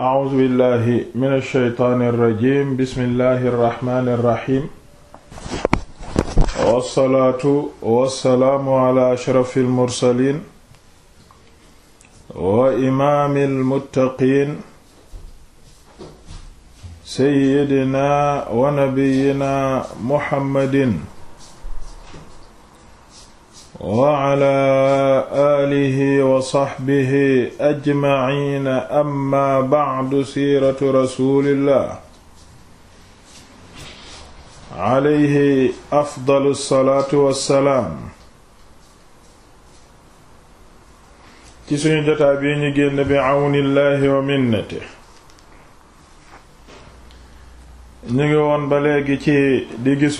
a'uuzu billahi mina shaytaani rajiim bismillahi rahmaani rahiim. wasalaatu wasalaamu ala ashrafil mursaliin. wa imaamil muttaqiin. sayyidina wa nabiyyina muhammadin. wa ala aalihi wa saxbihi ajmaciina amma bacdu siiratu rasuulillah alayhi afdalu wa salaam. ci suñu jotaay bi ñu génn bi cawnillaahi wa minnatihi. ñu ngi woon ba léegi ci di gis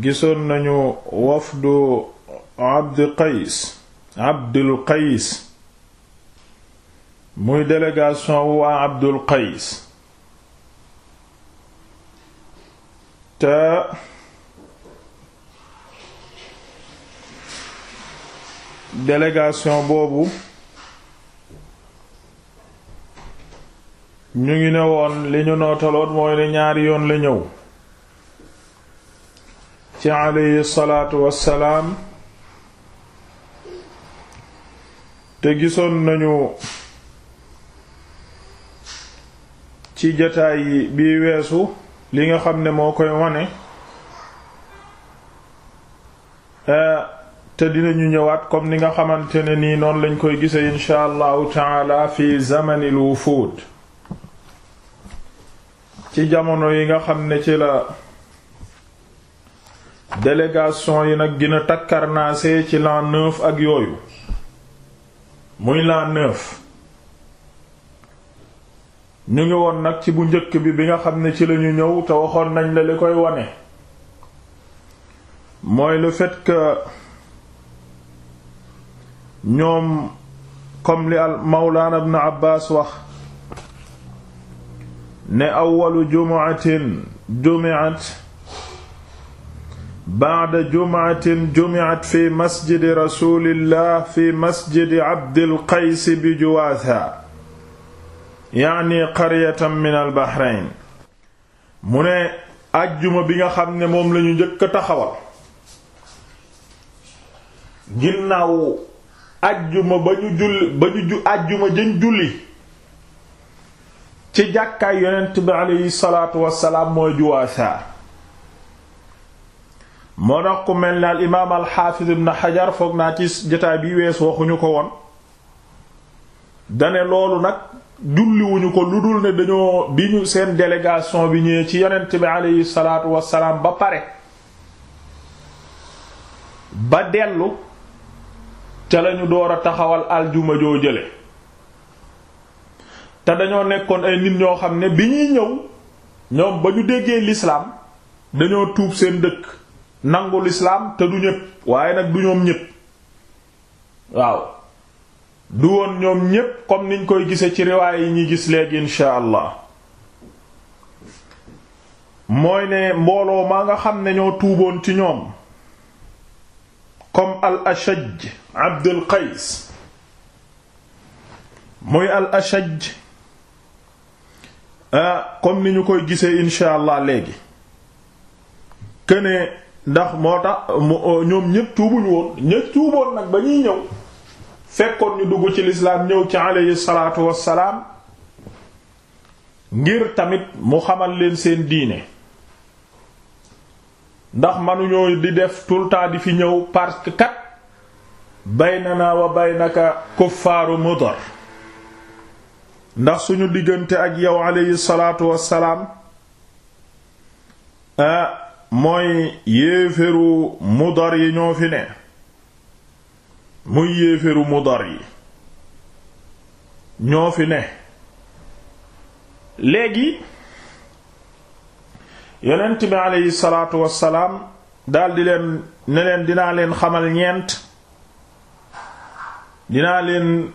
gisoon nañu wafdu abd qays abdul qays muy délégation waa abdul qays te délégation boobu ñu ngi ne woon li ñu nootaloon mooy ne ñaari yoon la ñëw ci aleyhi salaatu wassalaam te gisoon nañu ci jataay yi bii weesu li nga xam ne moo koy wane te dinañu ñëwaat comme ni nga xamante nii noonu lañ koy gise insha allahu taala fi zamanil wufuud ci jamono yi nga xam ne ci la délégation yi nag gën a takkarnaase ci l'an neuf ak yooyu muy l'an neuf ñu ngi woon nag ci bu njëkk bi bi nga xam ne ci lañu ñëw te waxoon nañ la li koy wane mooy le fait ñoom comme li al Mawlaana Ibn Abbaas wax ne awwalu jumu'atin jumi'at baada jumcatin jumicat fi masjidi rasulillah fi masjidi abdilqaysi bi juwaatha yaani qaryatan min albahrain mu ne ajjuma bi nga xam ne moom lañu njëkk a taxawal ginnaaw ajjuma ba ñu julli jën julli ci jàkkaay yonent bi aleyhi salaatu wasalaam mooy juwaatha moo tax ku mel ne al imaam al xaafiz xajar foog naa ci jotaay bi weesu waxuñu ko woon dane loolu nag julliwuñu ko lu dul ne dañoo bi ñu seen délégation bi ñëwee ci yonent bi aleyhi salaatu wassalaam ba pare ba dellu ca lañu door a taxawal aljuma joo jële te dañoo nekkoon ay nit ñoo xam ne bi ñuy ñëw ñoom ba ñu déggee lislaam dañoo tuub seen dëkk nangu lislaam te du ñépp waaye nag du ñoom ñépp waaw du woon ñoom ñépp comme niñ koy gisee ci riwaay yi ñuy gis léegi insha allah mooy ne mbooloo maa nga xam ne ñoo tuuboon ci ñoom comme al ashaj abdul qays muy al ashaj ah, comme ni ñu koy gisee insha allah léegi këne ndax moo tax euh, ñoom ñépp tuubuñu woon ñépp tuuboon nag ba ñuy ñëw fekkoon ñu dugg ci lislaam ñëw ci aleyhi salaatu wassalaam ngir tamit mu xamal leen seen diine ndax manuñoo di def tout le di fi ñëw parce que kat baynana wa baynaka kuffaaru mudar ndax suñu diggante ak yow aleyhi salaatu wassalaam ah, mooy yéeféru Mudar yi ñoo fi ne muy yéeféru Mudar yi ñoo fi ne léegi yonent bi aleyhi salaatu wassalaam daldi leen ne dinaa leen xamal ñeent dinaa leen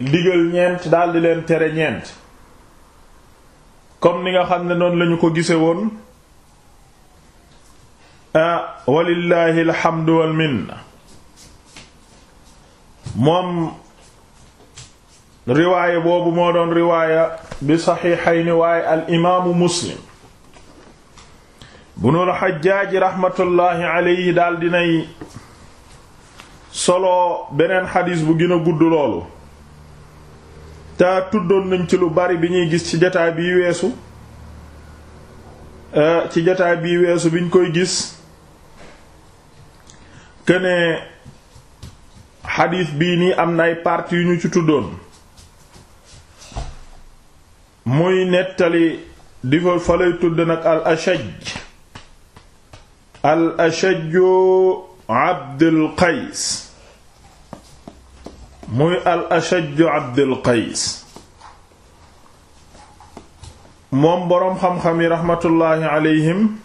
digal ñeent daldi leen tere ñeent comme ni nga xam ne noonu lañu ko gise woon ah walillahi alhamdu wal moom riwaaya boobu moo doon riwaaya bi saxiixayni waaye al imaamu muslim bunul xajjaaji raxmatullaahi alayhi daal dinay solo beneen xadiis bu gën a gudd loolu te tuddoon nañ ci lu bari bi ñuy gis ci jotaay bii weesu eh, ci bii weesu biñ koy gis que ne xadiis bii nii am na ay parties yu ñu ci tuddoon muy nettali di fa fa lay tudd nag al ashaj al ashajju abdul qays muy al ashajju abdul qays moom boroom xam-xam yi raxmatullaahi alayhim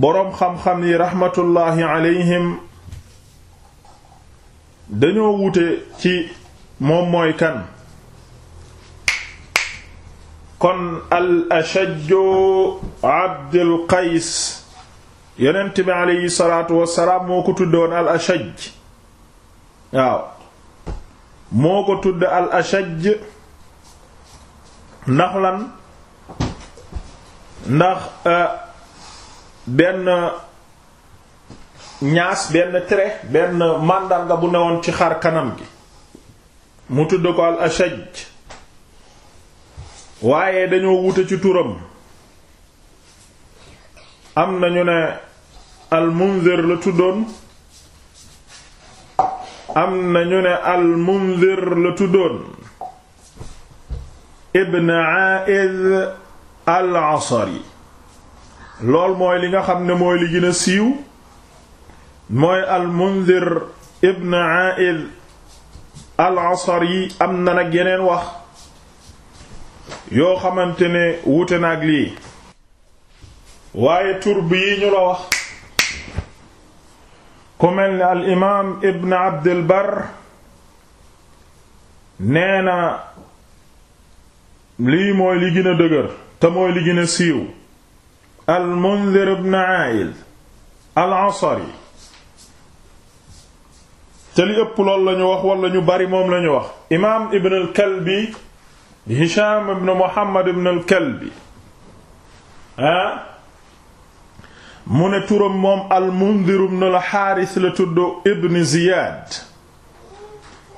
boroom xam-xam yi raxmatullaahi alayhim dañoo wute ci moom mooy kan kon al ashajjo abdul kayis yonent bi aleyhi salaatu wasalaam moo ko tuddoon al ashaj waaw ndax benn ñaas benn trait benn màndarga bu newoon ci xar kanam gi mu tudd ko al ashaj waaye dañoo wute ci turam am nañu ne al munzir la tuddoon am nañu ne al munzir la tuddoon ibn a'iz al asri lool mooy li nga xam ne mooy li gën a siiw mooy al mundir ibn a'id yi am na nag yeneen wax yoo xamante ne wuute nag ak lii waaye tur bi ñu la wax ku mel ni al imaam ibn abdul nee na lii mooy li gën a dëgër te mooy li gën a siiw al Munzir ibn Aayil al Asri te li ëpp lool lañu wax ñu bari moom lañu wax imaam ibn al Kalbi Hisham ibn Muhammad ibn al Kalbi ah mu ne turam moom al Munzir ibn al Haaris la tudd ibn Ziyaad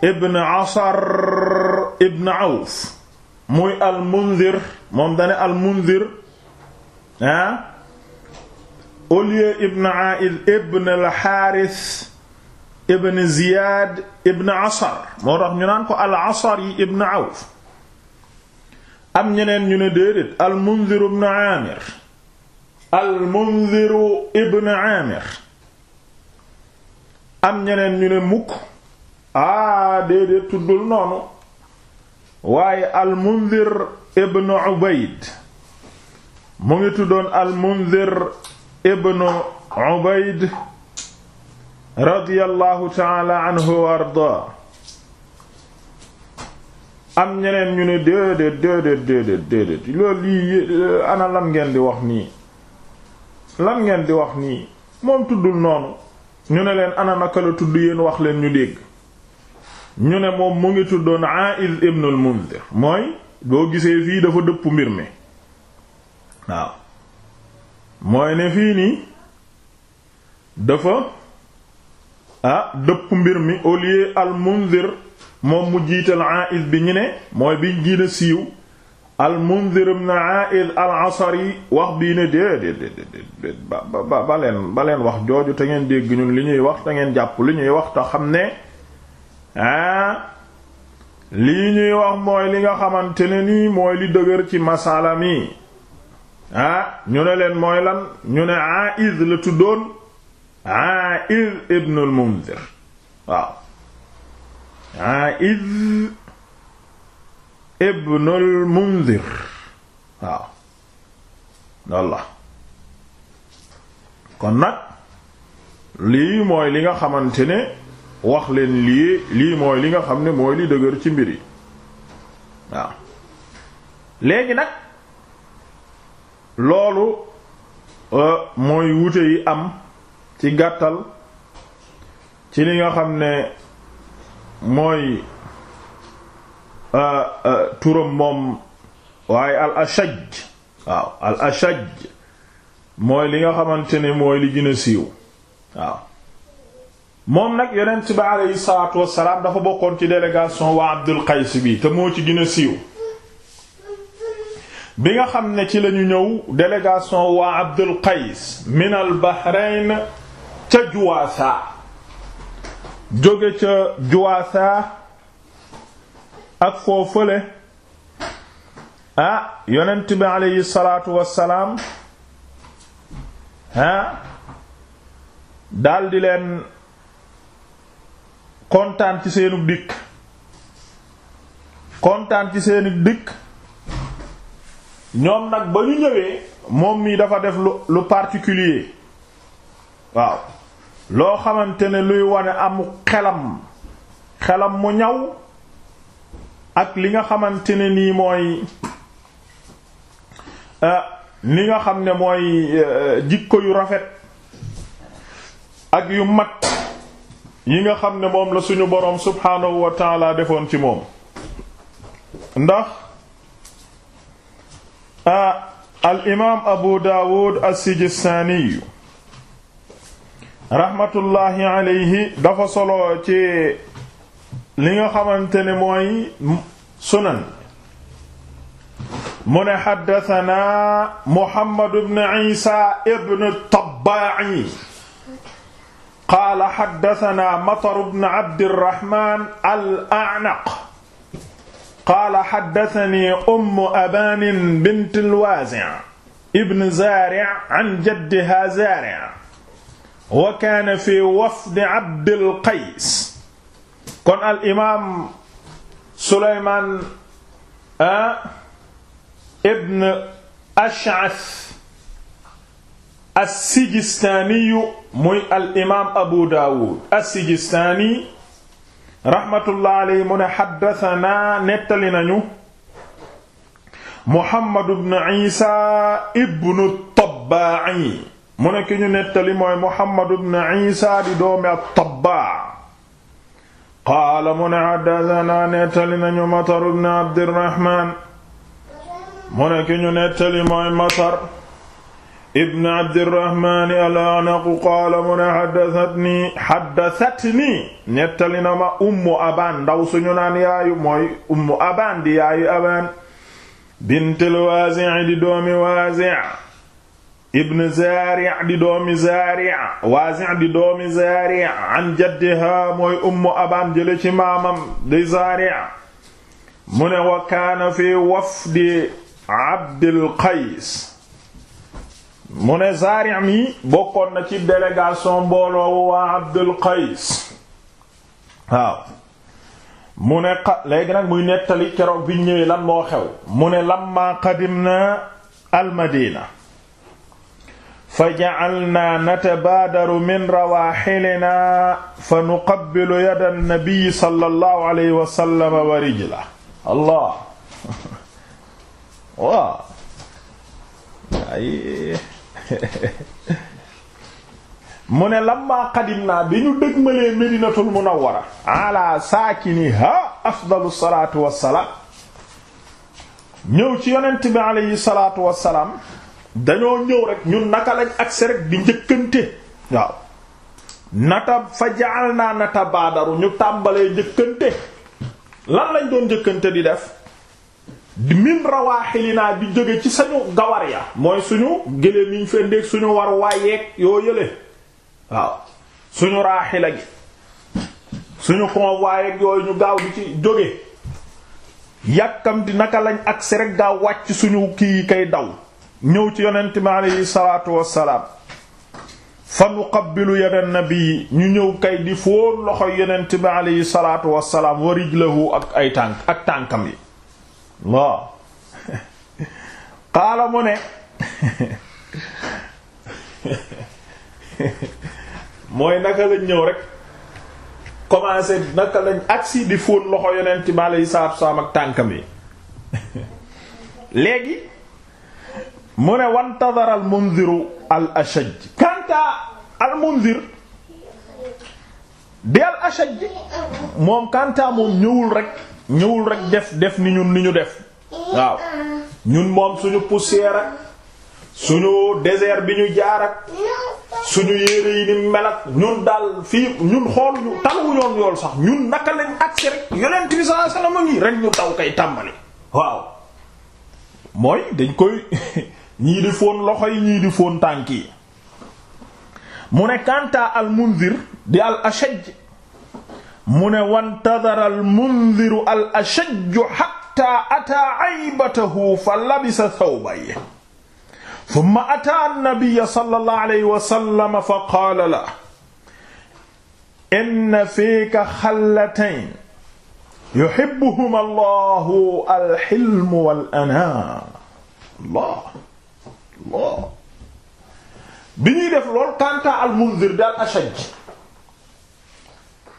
ibn Asar ibn Awf muy al Munzir moom dane al Munzir ah au lieu ibn Aa'il ibn al ibn Ziyaad ibn Asar moo tax ñu naan ko al-Asari ibn Awf am ñeneen ñu ne déedéet al-Munzir ibn Aamir am ñeneen ñu ne mukk aa ah, déedéet tuddul noonu waaye al-Munzir ibn Ubayd mu ngi tuddoon almundir ibnu ubayd radiyallahu taala anhu wa ardaa am ñeneen ñu ne déedéet déedéet déedéet déedéet loolu lii euh, ana lan ngeen di wax nii lan ngeen di wax nii moom tuddul noonu ñu ne leen ana naka la tudd yéen wax leen ñu dégg ñu ne moom mu ngi tuddoon A'iz ibn al-Munzir mooy boo gisee fii dafa dëpp mbir mi waaw mooy ne fii nii dafa dëpp mbir mi au lieu moom mu jiital Aa'id bi ñu ne mooy bi gën a siiw al munzir ibn Aa'id al asari wax bii ne déedéet ba ba ba leen ba leen wax jooju te ngeen dégg ñun li ñuy wax te ngeen jàpp li ñuy wax te xam ne ah lii ñuy wax mooy li nga xamante ne nii mooy li dëgër ci masala mi ah ñu ne leen mooy lan ñu ne Aiz la tuddoon Aiz ibn al waaw Aiz ibn al waaw walla kon nag lii mooy li nga xamante ne wax leen lii lii mooy li nga xam ne mooy li dëgër ci mbir yi waaw léegi nag loolu euh, mooy wuute yi am ci gàttal ci li nga xam ne mooy euh, euh, turam moom waaye al ashaj waaw al ashaj mooy li nga xamante ni mooy li gën a siiw waaw moom nag yonent bi aleyhi salaatu wassalaam dafa bokkoon ci délégation waa Abdul Qays bi te moo ci gën a siiw bi nga xam ne ci lañu ñëw délégation waa Abdul Qays min al Bahrain ca Juwaasa jóge ca Juwaasa ak foo fële ah yonent bi aleyhi salaatu wassalaam ah daldi leen kontaan ci seeni dikk kontaan ci seenu dikk ñoom nag ba ñu ñëwee moom mii dafa def lu lu particulier waaw loo xamante ne luy wane amu xelam xelam mu ñaw ak li nga xamante ne nii mooy li euh, nga xam ne mooy euh, jikko yu rafet ak yu mat yi nga xam ne moom la suñu boroom subhaanahu wa taala defoon ci moom ndax Ah, al imaam Abu Daawud as-Sijistaani rahmatullahi alayhi dafa solo ci li nga xamante ne mooy sunan mu ne xaddatanaa Muhammad ibn Isa ibn Tabbaa'i qaala xaddatanaa Matar ibn Abdirrahmaan al-A'naq qaala xaddatani ummu abaanin bint alwaasi' ibn zaari' an jaddiha zaari' wa kaana fi wafdi abdil qays kon al imaam suleymaan ibn ash'as as-sijistaaniyu muy al imaam abu daawuud as-sijistaani rahmatullah alayhi mu ne xaddasanaa nettali nañu Muhammad ibn Isa ibn Tabba'i mu ne ki ñu nettali mooy Muhammad ibn Isa di doomi at-Tabba' qaala mu ne xaddasanaa nettali nañu Matar ibn Abdirrahmaan mu ne ki ñu nettali mooy Matar ibn abdirahmaani al-A'naq qaala mu ne haddathatnii haddathatnii nettali na ma ummu abaan ndaw suñu naan yaayu mooy ummu abaan di yaayu abaan bintul Waazi' di doomi Waazi' ibn Zaari' di doomi Zaari' Waazi' di doomi Zaari' an jaddihaa mooy ummu abaan jële ci maamam di Zaari' mu ne wa kaana fii wafdi Abdul Qays mu ne zaari' bokkoon na ci délégation mbooloo waa Abdul Qays mu nag muy nettali keroog bi ñëwee lan moo xew mu ne lamma qadimna al-Madina fa ja'alna natabaadaru min rawaahilina fa nuqabbilu yada an-nabi Allah waaw mu ne lamma qadim naa bi ñu dëgmalee medinatul munawwara ala saakiniha afdalu salaatu wassalaam ñëw ci yonent bi alayhi salaatu wassalaam dañoo ñëw rek ñu naka lañ agsi rek di njëkkante waaw nata fa jaal naa nata baadaru ñu tàmbalee njëkkante lan lañ doon njëkkante di def min rawaaxilinaa bi jóge ci sañu gawar ya mooy suñu géléem yiñ ñu fendeek suñu war waayeeg yoo yële waaw suñu raaxila gi suñu convoyeeg yooyu ñu gaaw di ci jóge yàkkamti naka lañ ak rek gaa wàcc suñu kii yi kay daw ñëw ci yonent mi aleyhi salaatu wassalaam fa nuqabbilu yadan nabi ñu ñëw kay di fóon loxo yonent mi aleyhi salaatu wassalaam wa ak ay tànk ak tànkam yi waaw qaala mu ne mooy naka lañ ñëw rek commencé naka lañ agsi di fóon loxo yonent bi aleyhi salaatu wasalaam ak tànkam yi léegi mu ne wantadara al mundiru al ashaj kanta al mundir di al ashaj moom kanta moom ñëwul rek ñëwul rek def def ni ñun ni ñu def waaw ñun moom suñu poussière suñu désert bi ñu jaar suñu yére yi ni mel ak ñun daal fii ñun xooluñu taluwu yoon yool sax ñun naka lañ agsi rek yonent bi sallallahu alayhi wasallam ngi rek ñu taw kay tàmbali waaw mooy dañ koy ñii di fóon loxo yi ñii di fóon tànk yi mu ne Kanta al Munzir di al Ashaj mu ne wantadara almundiru al ashajju xatta ataa aybatahu fa labisa thawbayhi thumma ataa annabiyya sallallahu alayhi wa sallam fa qaala lahu inna fiika xallatayn yuhibbuhuma allahu alxilmu wal anaa allah allah bi ñuy def lool kanta almundir daal ashajj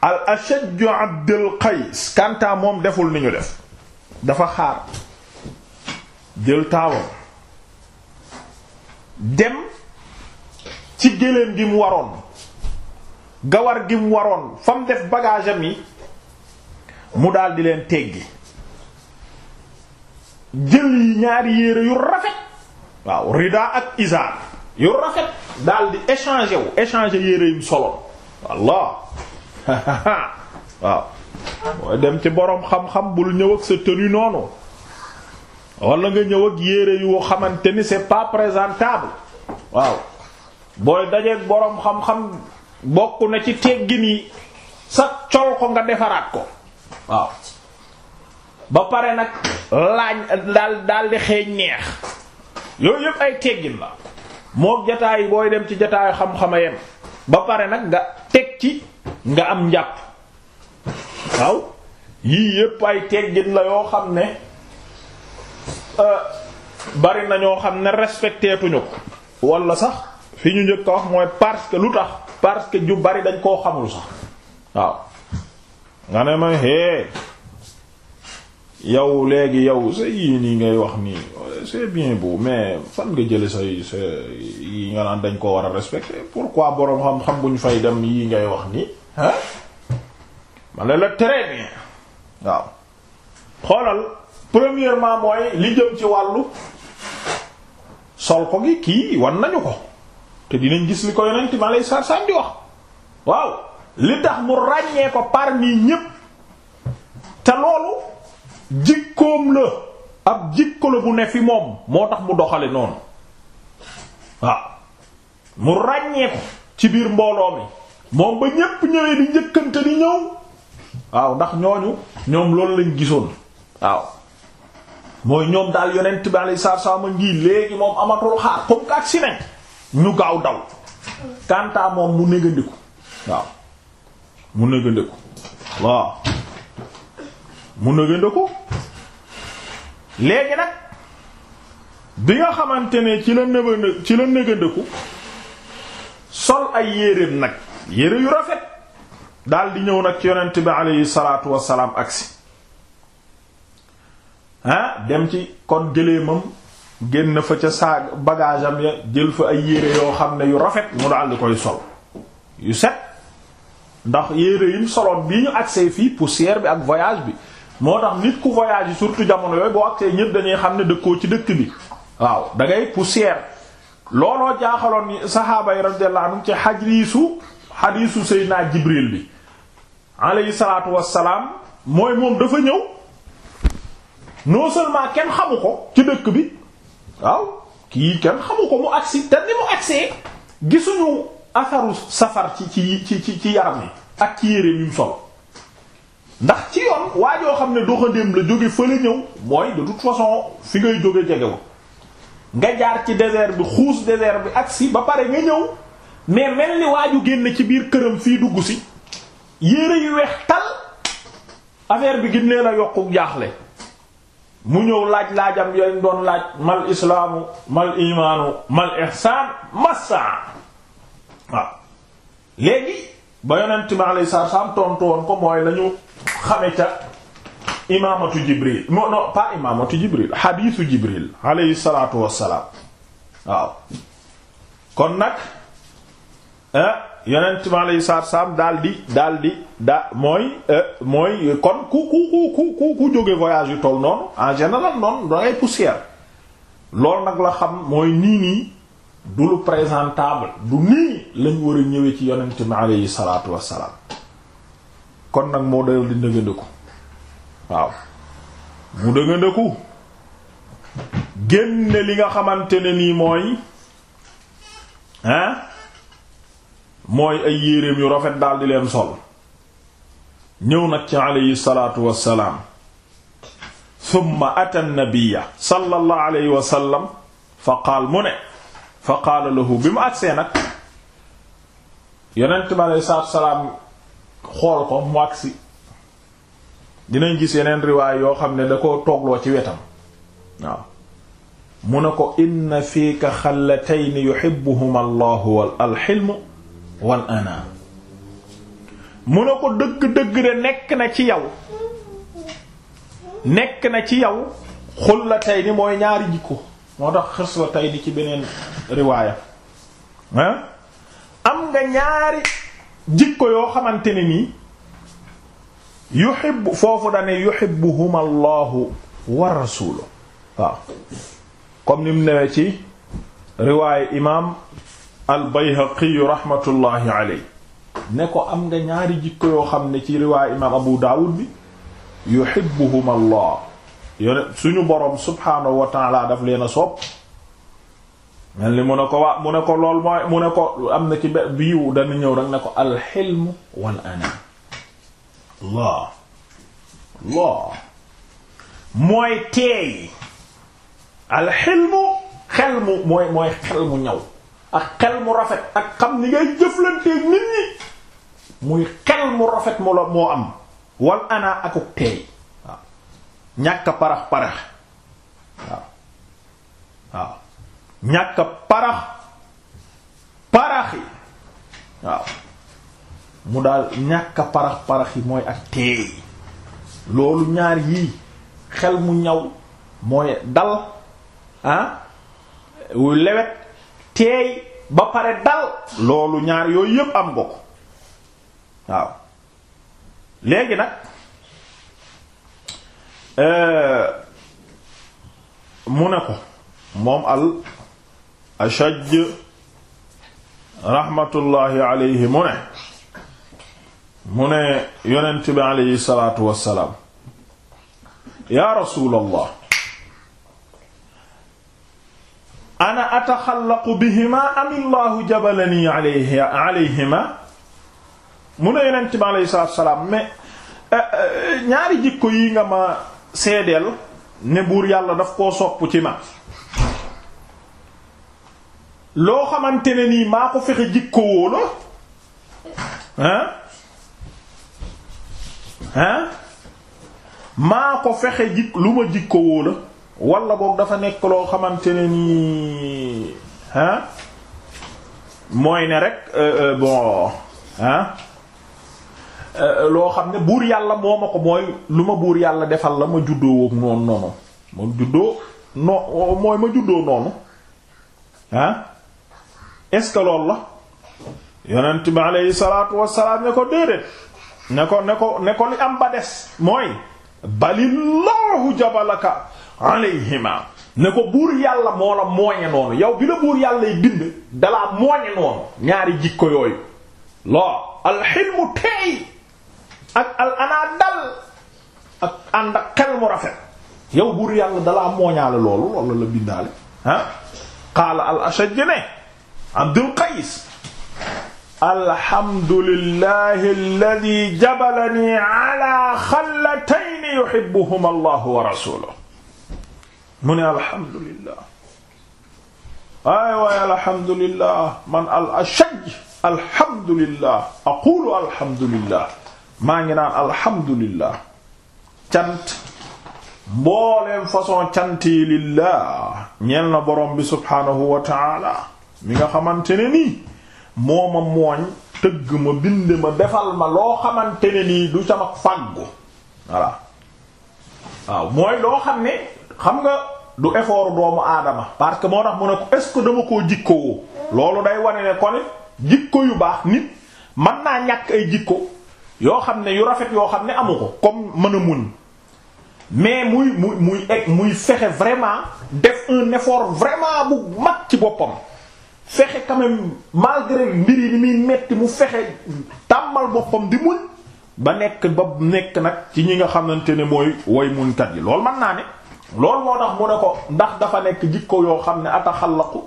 al ashaj abdul qays kanta moom deful ni ñu def dafa xaar jël taawam dem ci géléem gi mu waroon gawar gi mu waroon fa mu def bagage am yi mu daal di leen teggi jël yi ñaari yére yu rafet waaw rida ak isaar yu rafet dal di échanger wu échanger yére yim soloon wallah waaw mooy dem ci boroom xam-xam bul ñëw ak sa tenue noonu wala nga ñëw yére yu xamante ni c'est pas présentable waaw booy dajeeg boroom xam-xam bokk na ci teggin yi sa col ko nga defaraat ko waaw ba pare nag laañ daal daal di xeeñ neex yooyu yëpp ay teggin la mook jataay booy dem ci jataayu xam-xama yem ba pare nag nga teg ci nga am njàpp waaw yii yépp ay teggin la yoo xam ne euh, bari na ñoo xam ne respecté ko wala sax fi ñu njëkk a wax mooy parce que lu tax parce que ju bari dañ koo xamul sax waaw nga ne ma hee yow léegi yow sa yii nii ngay wax nii c'est bien beau mais fan nga jële say sa yi nga naan dañ koo war a respecter pourquoi boroom xam-xam bu ñu fay dem yii ngay wax nii ah ma ne la très bien waaw xoolal premièrement mooy li jëm ci wàllu sol ko gi kii wan nañu ko te dinañ gis li ko yonent ma lay sa sànni wax waaw li tax mu ràññee ko parmi ñépp te loolu jikkoom la ab jikko la bu ne fi moom moo tax mu doxale noonu waaw mu ràññee ko ci biir mbooloo mi moom ba ñépp ñëwee di njëkkante di ñëw waaw ndax ñooñu ñoom loolu lañ gisoon waaw mooy ñoom daal yonent bi alayhi salaatu salaam ngi léegi moom amatul xaar comme que accident ñu gaaw daw kanta moom mu négandiku waaw mu négandiku waaw léegi nag bi nga xamante ne ci la négandiku ci la négandiku sol ay yéreem nag yére yu rafet dal di ñëw nag ci yonent bi aleyhi salaatu wasalaam agsi ah dem ci kon gëléemam génn fa ca saag bagage am ya jël fa ay yére yoo xam ne yu rafet mu daal di koy sol yu set ndax yére yim soloon bii ñu agsee fii poussière bi ak voyage bi moo tax nit ku voyage yi surtout jamono yooyu boo agsee ñëpp dañuy xam ne dëkkoo ci dëkk bi waaw da ngay looloo jaaxaloon saxaaba yi radiyallahu anhum ci xajriisu xadiisu Seydina Jibril bi alayhi salaatu wassalaam mooy moom dafa ñëw non seulement kenn xamu ko ci dëkk bi waaw kii kenn xamu ko mu agsi te ni mu agsee gisuñu asaru safar ci ci ci ci yaram yi ak ci yére yu solo ndax ci yoon waa joo xam ne doxandéem la jóge fële ñëw mooy de toute façon fi ngay jóge jege wa nga jaar ci désert bi xuus désert bi agsi ba pare nga ñëw mais mel ni waaju génn ci biir këram fii dugg si yére yu weex tal affaire bi gin nee na yokku jaaxle mu ñëw laaj laajam yooyu doon laaj mal islaamu mal imaanu mal ihsaan masaa waaw léegi ba yonent mi alayhi salaam tontu woon ko mooy lañu xame ca imaamatu jibril non non imaamatu jibril xadiisu jibril alayhi salaatu wassalaam waaw kon nag Euh, yonent bi alayhi salaatu salaam dal di daal di da mooy euh, mooy kon ku ku ku ku ku jóge voyage yu toll noonu en général noonu dangay poussière loolu nag la xam mooy nii nii du lu présentable du nii lañ war ñëwee ci yonent bi wassalaam kon nag moo dal di ndëgëndëku waaw mu dëgëndëku génne li nga xamante ne nii mooy hein mooy ay yéreem yu rafet daldi leen sol ñëw nag ci aleyhi salaatu wassalaam summa ata nabiyya sallallahu alayhi wa sallam fa qaal mu ne fa qaala lahu bi mu agsee nag yonent bi aleyhi salaatu xool ko mu agsi dinañ gis yeneen riwaay yoo xam ne da ko toogloo ci wetam waaw mu ne ko inna fiika xallatayni yuhibbuhuma allahu wal xilmu wal ana mu ne ko dëgg-dëgg de nekk na ci yow nekk na ci yow xullatayni mooy ñaari jikko moo tax tey xislatayni ci beneen riwaaya ah am nga ñaari jikko yoo xamante ne nii yuhibbu foofu dane yuhibbuhuma allahu wa rasuluhu waaw comme ni mu newee ci riwaaya imaam al bayhaqi rahmatullahi ne ko am nga ñaari jikko yoo xam ne ci riwaay imaam abu daawud bi yuhibbuhum allah suñu boroom subhaanahu wa taala daf leen a sopp mel ni mu ne ko waa mu ne ko am na ci be biiwu dana ñëw rek ne ko alxilm wal ana laa mooy teey alxilmu xel mu mooy xel mu ñaw ak xel mu rafet ak xam ni ngay jëflanteeg nit ñi muy xel mu rafet mu moo am wan ana akuk teey waaw ñàkk parax parax waaw waaw ñàkk parax parax yi waaw mu daal ñàkk parax parax yi mooy ak teey loolu ñaar yii xel mu ñaw mooy dal ah wu lewet teey ba pare dal loolu ñaar yooyu yépp am nga ko waaw léegi nag euh, mu ne ko moom al ashaj rahmatullahi alayhi mu ne mu ne yonent bi alayhi salaatu wassalaam yaa rasuulallah ana ataxallaqu bihima amillahu jabalani alayhi alayhima mu ne yonent bi alayhi salaatu salaam mais eh, eh, ñaari jikko yi nga ma seedeel ne buur yàlla daf koo sopp ci ma loo xamante ne nii maa ko fexe jikko wóola hein hein maa ko fexe jik lu ma jikko wóola wala boog dafa nekk loo xamante ne nii ah mooy ne rek euh, euh, bon euh, loo xam ne buur yàlla moo ma ko mooy lu ma buur yàlla defal la ma juddoo woog noonu noonu ma juddoo noo mooy ma noonu ah est-ce la yonent bi aleyhi salaatu wassalaam ne ko déedéet ne ko ne ko ne ko li am ba des mooy balillahu jabalaka alayhima ne ko buur yàlla moo la mooñe noonu yow bi la buur yàlla yi bind dalaa mooñe noonu ñaari jikko yooyu loo alxilmu teey ak al anaa dal ak ànd ak xel mu rafet yow buur yàlla dalaa mooñaale loolu loolu la bindaale ah qaala al ashaj ne abdul qays alhamdulillahi alladi jabalani ala xallatayni yuhibbuhuma allahu wa rasuluhu mu ne alhamdulillah ay waay alhamdulillah man al ashaj alhamdulillah aqulu alhamdulillah maa ngi naan alhamdulillah cant mbooleem façon cant yi lillah ñeel na borom bi subhaanahu wa mi nga xamante ne nii moo ma mooñ tëgg ma bind ma defal ma loo xamante ne nii du sama fàggu voilà waaw mooy loo xam ne xam nga du effort doomu aadama parce que moo tax mu ne ko ce que dama koo jikkowoo loolu day wane ne kon jikko yu baax nit man naa ñàkk ay jikko yoo xam ne yu rafet yoo xam ne amu ko comme mën a muñ mais muy muy muy egg eh, muy fexe vraiment def un effort vraiment bu mag ci boppam fexe quand même malgré mbir yi ni muy metti mu fexe tàmbal boppam di muñ ba nekk ba nekk nag ci ñi nga xamante ne mooy woy muñkat yi loolu mën naa ne loolu moo tax mu ne ko ndax dafa nekk jikko yoo xam ne ataxallaqu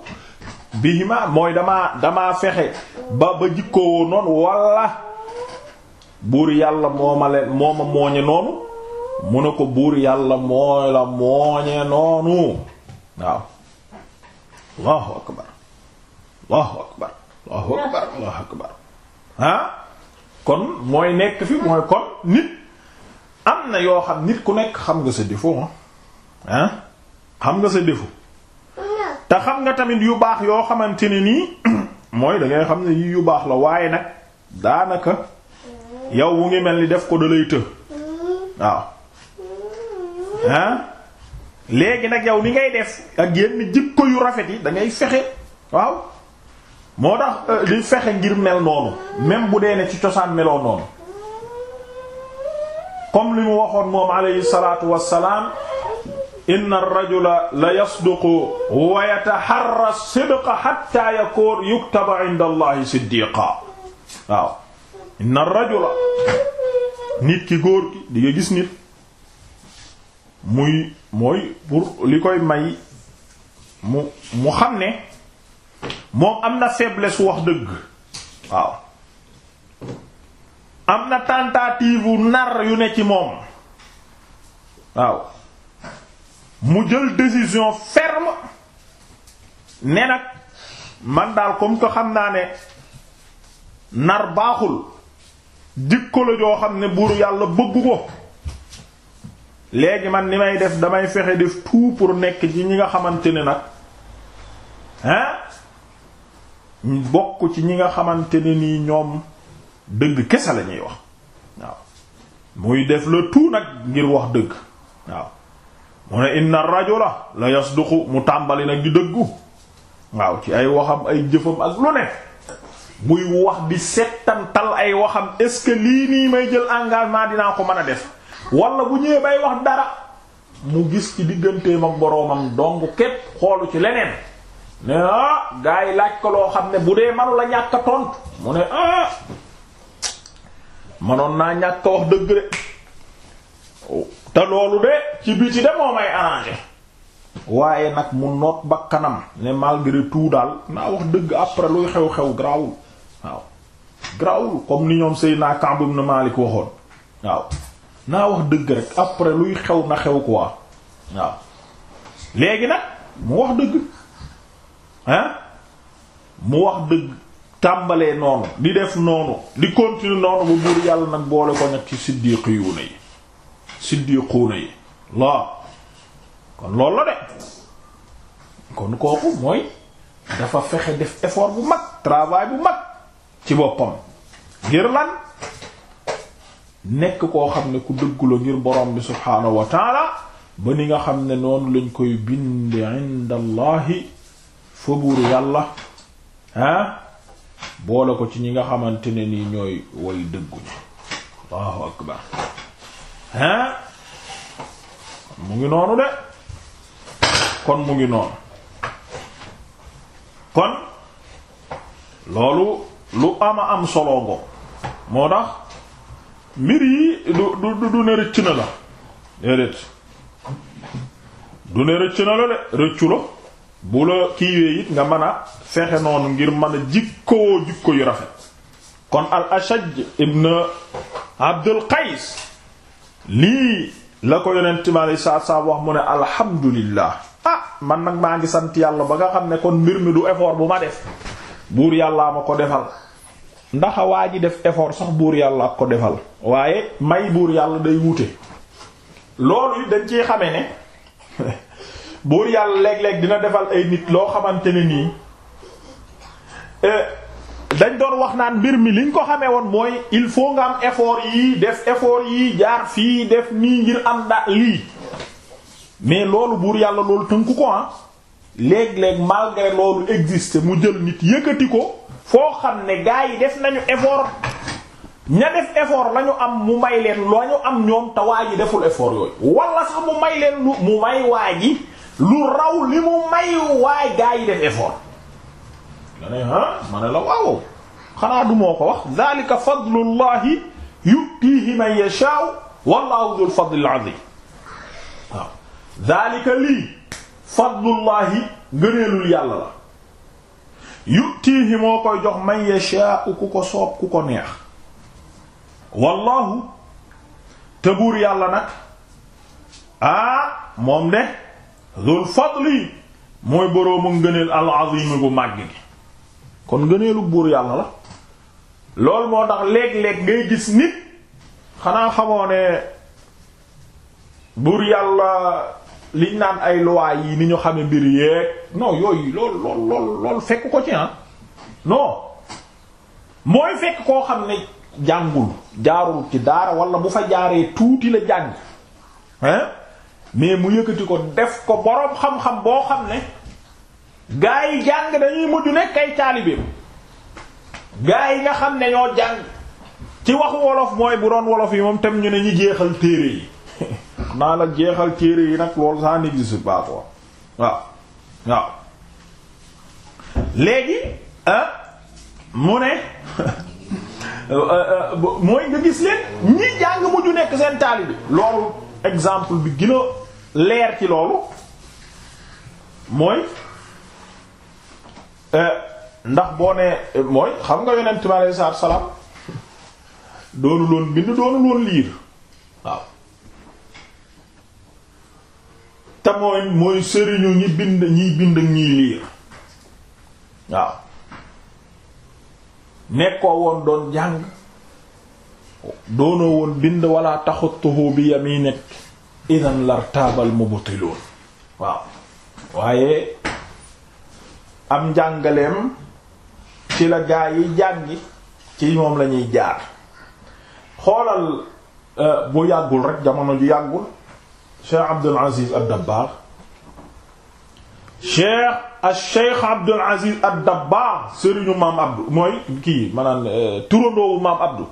ma mooy dama dama fexe ba ba jikkowoo noonu wala buur yàlla moo ma leen moo ma mooñe noonu mu ne ko buur yàlla moo la mooñe noonu waaw allahu akbar allahu akbar allahu akbar allahu akbar ah kon mooy nekk fi mooy kon nit am na yoo xam nit ku nekk xam nga sa défaut ah. xam nga sa defu te xam nga tamit yu baax yoo xamante ne nii mooy dangay xam ne yii yu baax la waaye nag daanaka yow mu ngi mel ni def ko da të waaw ah léegi nag yow ni ngay def ak yenn jikko yu rafet yi da ngay fexe waaw moo tax euh, di fexe ngir mel noonu même bu dee ne ci cosaan meloo noonu comme li mu waxoon moom alayhi salaatu wassalaam inna ar-rajula la yasduqu wa yataharra as-sidqa hatta yakun yuktaba inda allahi siddiqa waaw inna ar-rajula nit ki góor gi di gis nit muy mooy pour li koy may mu xam ne moom am na faiblesse wax dëgg waaw am na tentative nar yu ne ci moom waaw mu jël décision ferme ne nag man daal comme ko xam naa ne nar baaxul jikko la joo xam ne buur yàlla bëggu ko léegi man ni may def damay fexe def tout pour nekk ci ñi nga xamante ne nag hein bokk ci ñi nga xamante ne nii ñoom dëgg kese lañuy wax waaw muy def le tout nag ngir wax dëgg waaw mu ne inna rajula la yasduqu mu tàmbali nag di dëggu waaw ci ay waxam ay jëfam ak lu ne muy wax di settantal ay waxam est-ce que lii may jël engagement dinaa ko mën a def wala bu ñëwee bay wax dara mu gis ci digganteem ak boroomam dong képp xoolu ci leneen ne ah gars laaj ko loo xam ne bu dee manu la ñàkk a tontu mu ne ah manoon naa ñàkk a wax dëgg de te loolu de ci biti de moo may arrangé waaye nag mu noot bakkanam ne malgré tout daal naa wax dëgg après luy xew-xew grawul waaw grawul comme ni ñoom Seydina Ka'b ibn Malik waxoon waaw naa wax dëgg rek après luy xew na xew quoi waaw léegi nag mu wax dëgg ah mu wax dëgg tàmbalee noonu di def noonu di continuer noonu ba buur yàlla nag boole ko nag ci siddiq yu ne yi siddiquuna yi laa kon loolu la de kon kooku mooy dafa fexe def effort bu mag travail bu mag ci boppam ngir lan nekk koo xam ne ku dëggula ngir borom bi subhaanahu wa taala ba ni nga xam ne noonu lañ koy bind inda yàlla ah, boole ko ci ñi nga xamante ne nii ñooy way dëgguñu allahu akbar hein mu ngi noonu de kon mu ngi noonu kon loolu lu ama am solo ngo moo tax mbir yi du du du la du ne rëcc na la de rëccu la bu la kiiwee it nga mën a fexe noonu ngir mën a jikkoo jikko yu rafet kon al ashaj ibn abdul qais lii la ko yonent mi alei saatu salaam wax mu ne alhamdulillah ah man nag maa ngi sant yàlla ba nga xam ne kon mbir mi du effort bu ma def buur yàllaa ma ko defal ndax waa ji def effort sax buur yàlla ak ko defal waaye may buur yàlla day wuute loolu dañ ci xame ne buur yàlla léeg-léeg dina defal ay nit loo xamante ne nii eh, dañ doon wax naan mbir mi liñ ko xamee woon mooy il faut nga am effort yi def effort yi jaar fii def nii ngir am da lii mais loolu buur yàlla loolu tënku ko ah léeg-léeg malgré loolu existe mu jël nit yëkkati ko foo xam ne gaa yi def nañu effort ña def effort la am mu may leen loo am ñoom te waa deful effort yooyu wala sax mu may leen mu may waa ji lu raw li mu may waay gars yi def effort nga ne ah ma ne la waaw xanaa du moo ko wax dhalika fadlullahi yutihi man yashaa'u wallahu dhul fadlil azim waaw dhalika lii fadlullahi gëneelul yàlla la yutihi moo koy jox man yashaa'u ku ko soob ku ko neex wallahu te buur yàlla nag aa ah, moom de dhul fadli mooy boroomu ngëneel al azim bu màgg gi kon ngëneelu buur yàlla la lool moo tax léeg-léeg ngay gis nit xanaa xamoo ne buur yàlla liñ naan ay lois yi ni ñu xame mbir yeeg non yooyu lool lool lool fekk ko ci ah no mooy fekk koo xam ne jàngul jaarul ci daara wala bu fa jaaree tuuti la jàng hein mais mu yëkkati ko def ko boroom xam-xam boo xam ne gaa yi jàng dañuy mujj nekk ay taalibeem gaa yi nga xam ne ñoo jàng ci waxu wolof mooy bu doon wolof yi moom tam ñu ne ñu jeexal téere yi naa la jeexal téere yi nag loolu ça n'existe pas quoi waaw waaw léegi ah, mu ne euh, euh, mooy nga gis leen ñi jàng mujju nekk seen bi loolu exemple bi gën leer ci loolu mooy euh, ndax boo nee mooy xam nga yonent bi aleyhi salaatu wa salaam doonu loon bind doonu loon liir waaw te mooy mooy sëriñu ñi bind ñiy bind ak ñiy liir waaw nekkoo woon doon jàng doonoo woon bind wala taxutuhu bi yaminik idan lartaabal mubtiluun waaw waaye am njàngaleem ci la gaa yi jàngi ci moom la ñuy jaar xoolal euh, bu yàggul rek jamono ju yàggul Cheikh Abdul Aziz ad-Dabbar Cheikh al Cheikh Abdul Aziz kii maanaam euh, turandoowu maam Abdou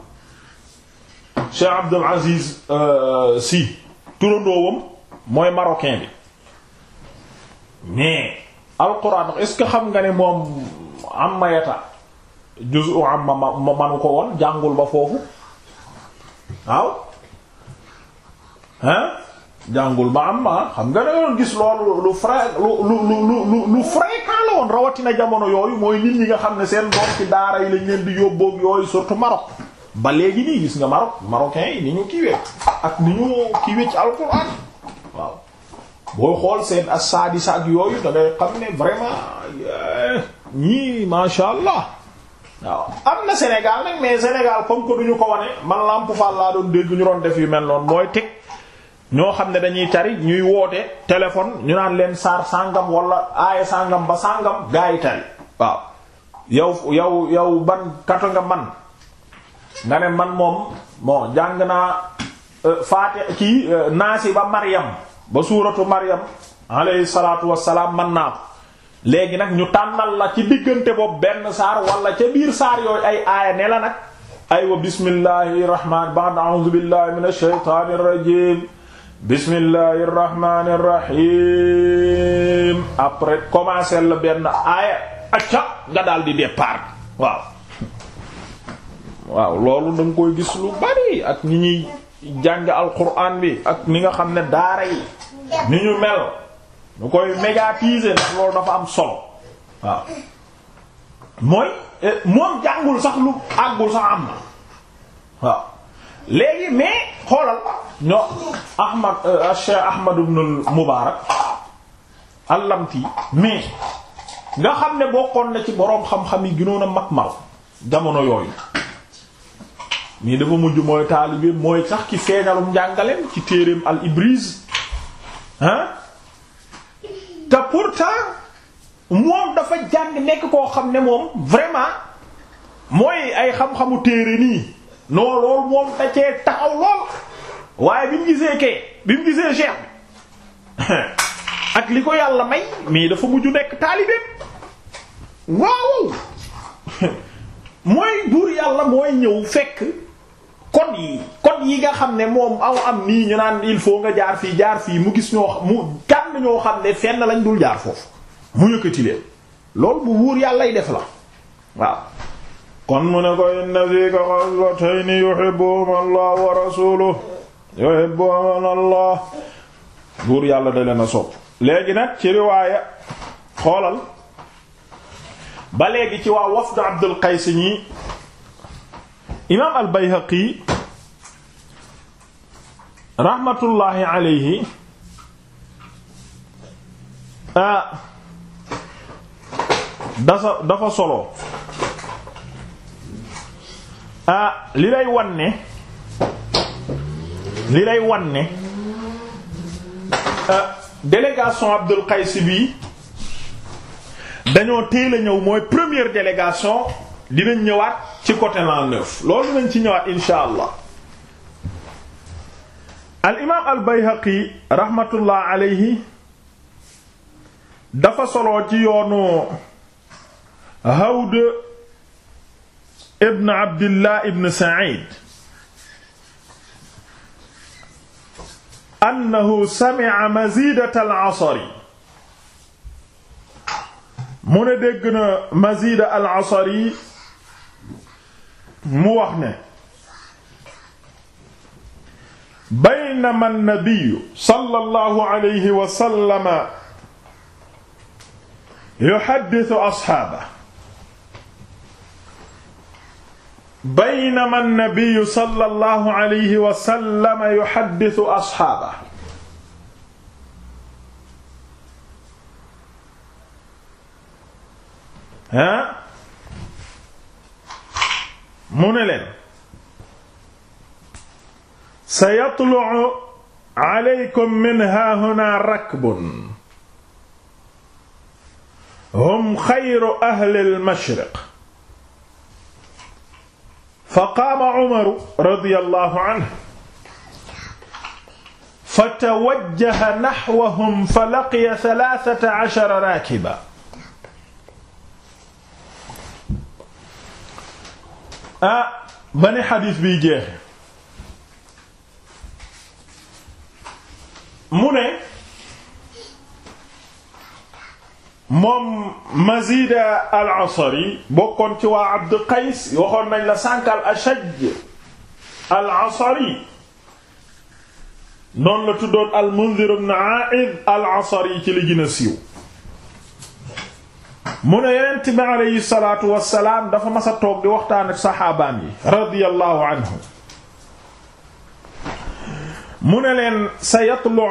Cheikh Abdul Aziz euh, si turandoowam mooy marocain bi mais alxuraan est-ce que xam nga ne moom am mayata juz'u amma ma manu ko woon jàngul ba foofu waaw hein jàngul ba amma xam nga da nga gis loolu lu fra lu lu lu lu rawatina jamono yooyu mooy nit ñi nga xam ne seen doom ci daara yi lañ leen di yóbboog yooyu surtout Maroc ba léegi nii gis nga Maroc marocains yi ni ñu kiiwee ak ni ñu kiiwee ci alxuraan waaw booy xool seen as saadi saag yooyu da ngay xam ne vraiment eh, ñii masha Allah waaw am na Sénégal nag mais Sénégal comme que duñu ko wane man Lamp Fall laa doon dégg ñu doon def yu mel noonu mooy teg ñoo xam ne dañuy tari ñuy woote téléphone ñu naan leen saar sàngam wala aaya e sàngam ba sàngam gaa yi tari waaw yow yow yow ban kato nga man nga ne man moom bon jàng naa euh, faate kii euh, naasi ba Maryam ba suuratu Maryam alayhi salaatu wassalaam man naa ko léegi nag ñu tànnal la ci diggante boobu benn saar wala ca biir saar yooyu ay aaya ne nag aywa bismillahi rahman ba'd a'udhu billahi minash shaytanir rajim bismillahi rahmanir rahim après commencer la benn aaya acca nga daal di départ waaw loolu da koy gis lu bari ak ni ñuy jàng alquran bi ak ni nga xam ne daara yi ni ñu mel ñu koy médiatiser ndax loolu dafa am solo waaw mooy eh, moom jàngul sax lu àggul sax am na waaw léegi mais xoolal ñoo Ahmad euh, Cheikh Ahmad ibn al-Mubarak mais nga xam ne bokkoon na ci boroom xam-xam yi gënoon a mat mal jamono yooyu nii dafa mujj mooy taalibe mooy sax ki feeñalum njàngaleem ci téereem al-Ibriz ah te pourtant moom dafa jàng nekk koo xam ne moom vraiment mooy ay xam-xamu téere nii non loolu moom da cee taxaw lool waaye bi mu gisee kee bi mu gisee cheikh ak li ko yàlla may mais dafa mujj nekk taalibeem waaw mooy buur yàlla mooy ñëw fekk. code yi code yi nga xam ne moom aw am nii ñu naan il faut nga jaar fii jaar fii mu gis ñoo mu gànn ñoo xam ne fenn lañ dul jaar foofu mu yëkkati leen loolu bu wóor yàllay def la waaw kon mu ne ko inna fii ka xaslatayni yuhibbuhuma allah wa rasuluhu yuhibbuhuma allah buur yàlla da leen a sopp léegi nag ci riwaaya xoolal ba léegi ci waa wafd abdul qays ñi imaam al bayhaqi raxmatullaahi alayhi ah, dafa dafa solo ah, li lay wan ne li lay wan ne ah, délégation Abdul Qays bi dañoo teel a ñëw mooy première délégation dinañ ñëwaat ci côté ci ñëwaat insha allah al imaam al bayhaqi rahmatullah alayhi dafa solo ci yoonu hawd ibn abdillah ibn sa'id annahu sami'a mazidat mu ne dégg na mazida al asri mu wax ne baynama annabiyu sallallahu alayhi wa sallama yuhaddithu asxaaba baynama annabiyu sallallahu alayhi wa sallama yuhaddithu asxaaba ha mu ne leen sa yatlu'u alaykum min haahuna rakbun hum xayru ahli almashriq fa qaama umaru radiyallahu anhu fa tawajjaha naxwahum fa laqiya talaatata ashara raakiba ah ba ni xadiis biy jeexe mu ne moom Mazida al-Asri bokkoon ci waa Abd Qays waxoon nañ la sànkal Ashaj al-Asri noonu la tuddoon al-Mundhir ibn A'id al-Asri ci li gën a siiw mu ne yonent bi aleyhi dafa mas a toog di waxtaan ak saxaabaan yi mu ne leen sa yatlu mu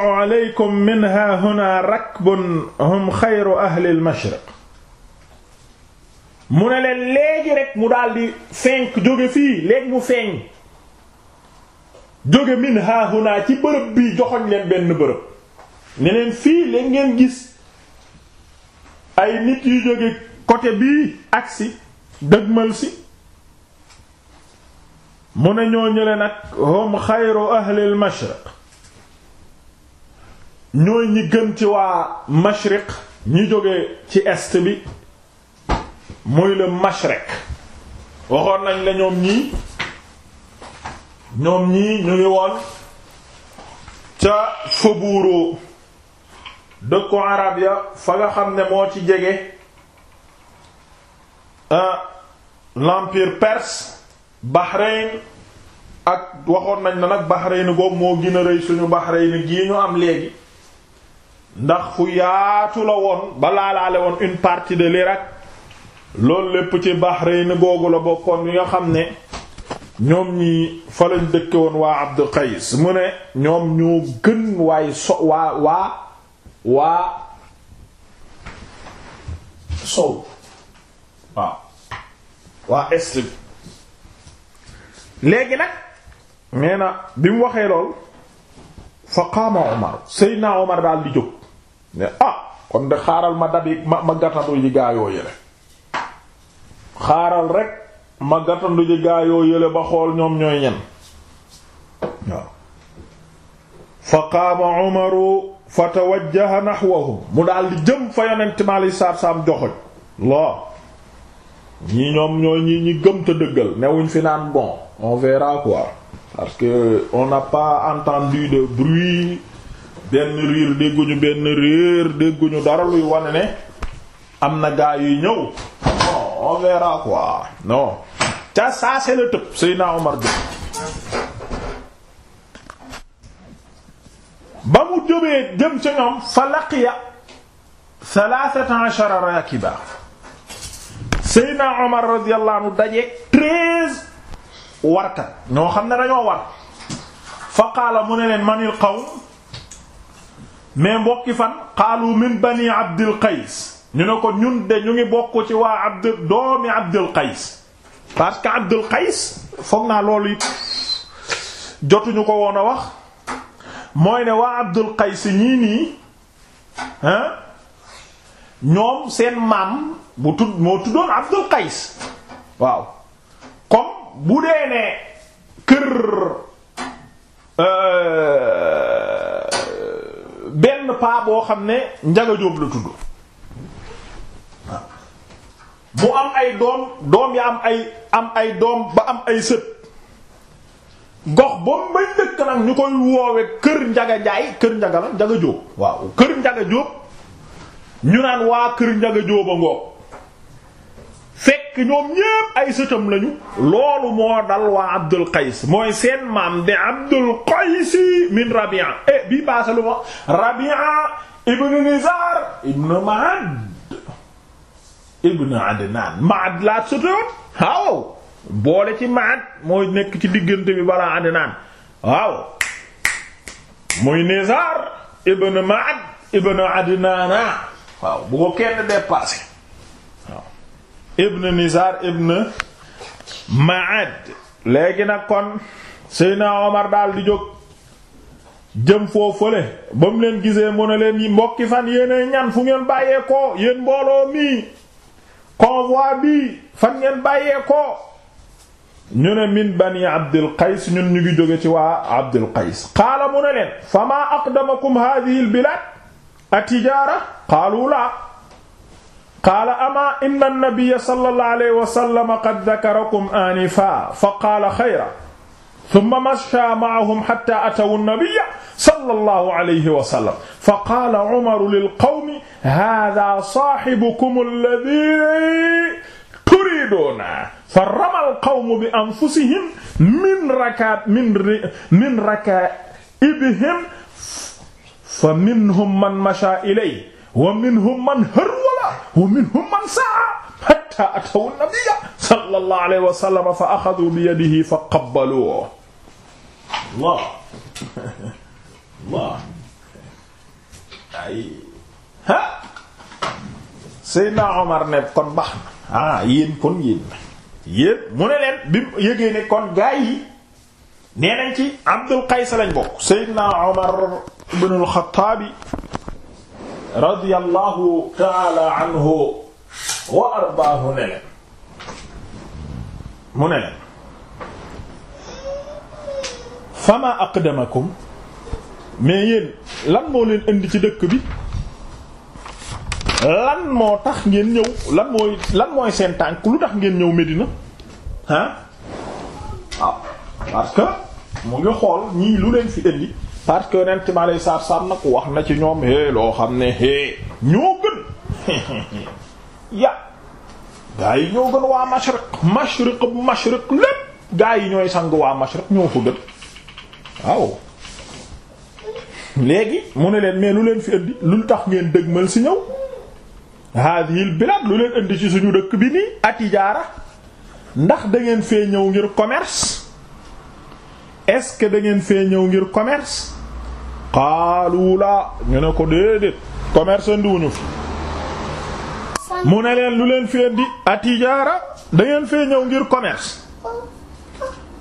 ne leen léegi mu daldi fenk jóge fii léegi feeñ jóge min ha huna ci bërëb bi joxoñ leen benn bërëb ne leen fii gis ay nit yu jóge côté bii agsi dëgmal si mu ne ñoo ñële nag hum xayru ahlil mashriq ñooy ñi gën ci waa mashriq ñi jóge ci est bi muy le mashriq waxoon nañ la ñoom ñii ñoom ñii ñu ngi woon ca fa buuroo dëkku arab ya fa nga xam ne moo ci jege ah, l'empire perse Bahreïn ak waxoon nañ na nag Bahreïn boobu moo gën a rëy suñu Bahreïn gii ñu am léegi ndax fu yaatu la woon ba laalaale woon une partie de l'Irak loolu lépp ci Bahreïn googu la bokkoon yi nga xam ne ñoom ñi fa lañ dëkke woon waa Abdul Qais mu ne ñoom ñoo gën waaye so waa waa waa sow waaw waa est léegi nag nee na bi mu waxee lool fa qaama Omar Seydina Omar daal di jóg ne ah kon de xaaral ma dabi ma ma gàttandu gaa yoo yële xaaral rek ma gàttandu ji gaa yoo yële ba xool ñoom ñooy ñen waaw fa qaama Omaru fa tawajjaha nahwahum mu daal jëm fa yonent mi alayhi salaatu salaam loo ñii ñoom ñooy ñi ñi gëm te dëggal newuñ fi naan bon on verra quoi parce que on n'a pas entendu de bruit benn riir dégguñu benn riir dégguñu dara luy wane ne am na gaa yuy ñëw on verra quoi non ca saa se la tëb Seydina Omar jë ba mu jógee jëm ca ñoom fa laqiya thalathata ashara rakiba seydna omar radiyallahu daje warkat ñoo xam ne dañoo war fa qaala mu ne leen manil qawm mais mbokki fan qaalu min bani abdil qays ñu ne ko ñun de ñu ngi bokk ci waa abd doomi abdil qays parce que abdil qays foog naa loolu it jotuñu ko woon a wax mooy ne waa Abdul Qays ñii nii ñoom seen maam bu tudd moo tuddoon Abdul Qays waaw comme bu dee ne kër euh, benn paa boo xam ne Njaga Jóob la tudd bu am ay doom doom ya am ay am ay doom ba am ay sët gox boobu may dëkk nag ñu koy woowe kër njaga njaay kër njaga la njaga jóob waaw kër njaga jóob ñu naan waa kër njaga jóoba ngoog fekk ñoom ñépp ay sëtam lañu loolu moo dal waa abdul qays mooy seen maam de abdul qays min rabia eh bii baasa lu ma rabia ibn maad ibn adnaan maad laat sëtoon waaw boole ci maat mooy nekk ci diggante bi balaa Adnaan waaw muy Nizar ibn Ma'ad ibn Adnaana waaw bu ko kenn dépassé ibn Nizar ibn Ma'ad léegi nag kon Seyna Omar daal di jóg jëm foo fële ba mu leen gisee mu ne leen yi mbokki fan yéen ñan fu ngeen bàyyee ko mbooloo mi convoi bi fan ngeen bàyyee ñu ne min bani abdil qays ñun ñu ngi jóge ci waa abdil qays qaala mu ne leen fa maa aqdamakum hadhihi al bilad a tijaara qaalu laa qaala ama inna an-nabiyya sallallahu alayhi wa sallam qad dhakarakum anifa fa qaala xayra thumma masha ma'ahum hatta ataw an-nabiyya sallallahu alayhi wa sallam fa qaala Umar lil qawmi hadha saahibukum alladhi turiduuna fa ramal qawmu bi anfusihim min raka min min rakaibihim fa minhum man masha ilay wa minhum man harwala wa minhum man sa'a hatta ataw nabiyya sallallahu alayhi wa sallam fa akhadhu bi yadihi fa qabbaluhu Allah Allah ay ha Seydina Omar ne kon baax na ah yéen kon yéen yéen mu ne leen bi mu kon gaa yi nee nañ ci Abdul Qays lañ bokk Seydina Omar ibn al-Khattab radiyallahu ta'ala anhu wa ardaahu ne leen mu ne leen fama aqdamakum mais yéen lan leen indi ci dëkk bi lan moo tax ngeen ñëw lan mooy lan mooy seen tànk lu tax ngeen ñëw Medina ah parce que mu ngi xool ñii lu leen fi indi parce que yonent mi alayhi salaatu salaam nag wax na ci ñoom é eh, loo xam ne é eh, ñoo gën ya gaa yi ñoo gën waa mashriq mashriq bu mashriq lépp gaa yi ñooy sang waa mashriq ñoo ko gën waaw léegi mu ne leen mais lu leen fi indi lu tax ngeen dëgmal si ñëw hadihil bilad lu leen indi ci suñu dëkk bi nii atijaara ndax da ngeen fee ñëw ngir commerce est-ce que da ngeen fee ñëw ngir commerce qaalu laa ñu ne ko déedéet commerce ndiwuñu fi mu ne leen lu leen fee di atijaara da ngeen fee ñëw ngir commerce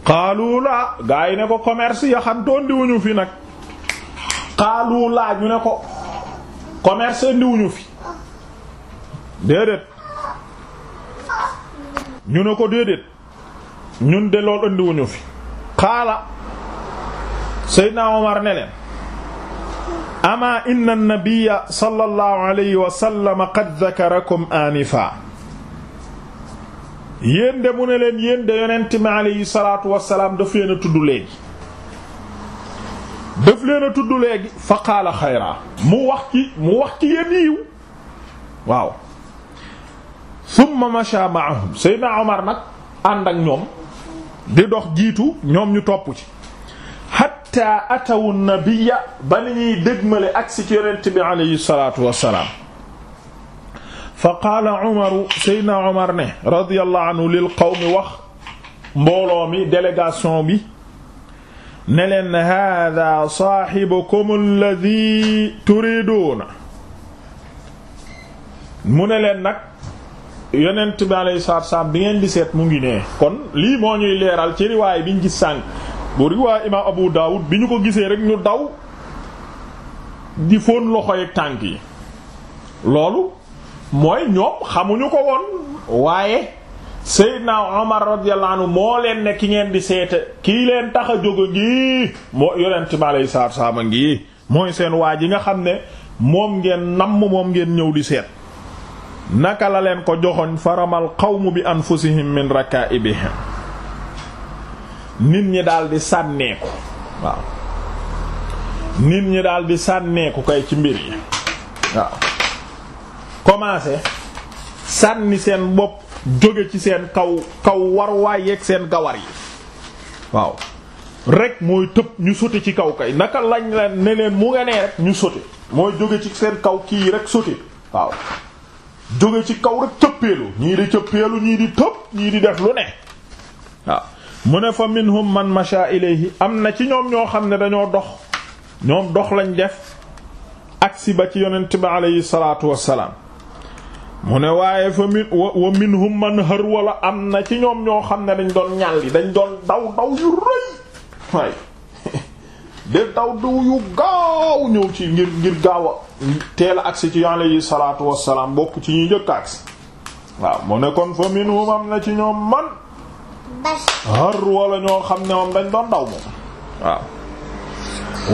qaalu laa gaa yi ne ko commerce yaxantoon ndiwuñu fi nag qaalu laa ñu ne ko commerce ndiwuñu fi déedéet ñu ne ko déedéet ñun de lool andiwuñu fi xaala Seydina Omar ne leen ama inna nabiyya sallallahu alayhi wa qad dhakarakum anifa yéen de mu ne leen yéen de yonent mi alayhi salaatu wassalaam daf leen a tudd léegi daf leen fa qaala xayra mu wax ci mu wax ci yéen waaw thumma masha ma'ahum Seydina Omar nag ànd ak ñoom di dox jiitu ñoom ñu topp ci hatta atawu nabiyya ba ni ñuy dégmale ak si ci yonent bi alayhi salaatu wassalaam fa qaala Umaru Seydina Omar ne radiyallahu anhu lil qawmi wax mbooloo mi délégation bi ne leen hada saahibukum alladhi turiduuna mu ne leen nag yonent bi alayhi salaatu salaam bi ngeen di seet mu ngi ne kon lii moo ñuy leeral ci riwaay bi ñu gis sànq bu riwaay imaam Abu Daawud bi ñu ko gisee rek ñu daw di fóon loxo yeeg tànk yi loolu mooy ñoom xamuñu ko woon waaye Seydina Omar radiyallahu anhu moo leen ne ki ngeen di seete kii leen tax a jóg a moo yonent bi alayhi salaatu salaam ngi mooy seen waa ji nga xam ne moom ngeen namm moom ngeen ñëw di seet. naka la leen ko joxoon faramal qawmu bi an anfusihim min rakaa'ibihim nit ñi daldi sànneeku waaw nit ñi daldi sànneeku kay ci mbir yi waaw commencé sànni seen bopp jóge ci seen kaw kaw war waay yeeg seen gawar yi waaw rek mooy tëb ñu sote ci kaw kay naka lañ leen ne leen mu nga nee rek ñu sote mooy jóge ci seen kaw kii rek sote waaw jóge ci kaw rek cëppeelu ñii di cëppeelu ñii di tëb ñii di def lu ne waaw mu ne fa minhum man masha ilayhi am na ci ñoom ñoo xam ne dañoo dox ñoom dox lañ def agsi ba ci yonent bi alayhi salaatu wassalaam mu ne waaye fa min wa minhum man hër wala am na ci ñoom ñoo xam ne dañ doon yi dañ doon daw daw yu rëy de daw daw yu gaaw ñëw ci ngir ngir gaaw a teel a agsi ci alayhi salaatu wassalaam bokk ci ñuy njëkk agsi waaw mu ne kon fa minhum am na ci ñoom man har wala ñoo xam ne moom dañ doon daw moom waaw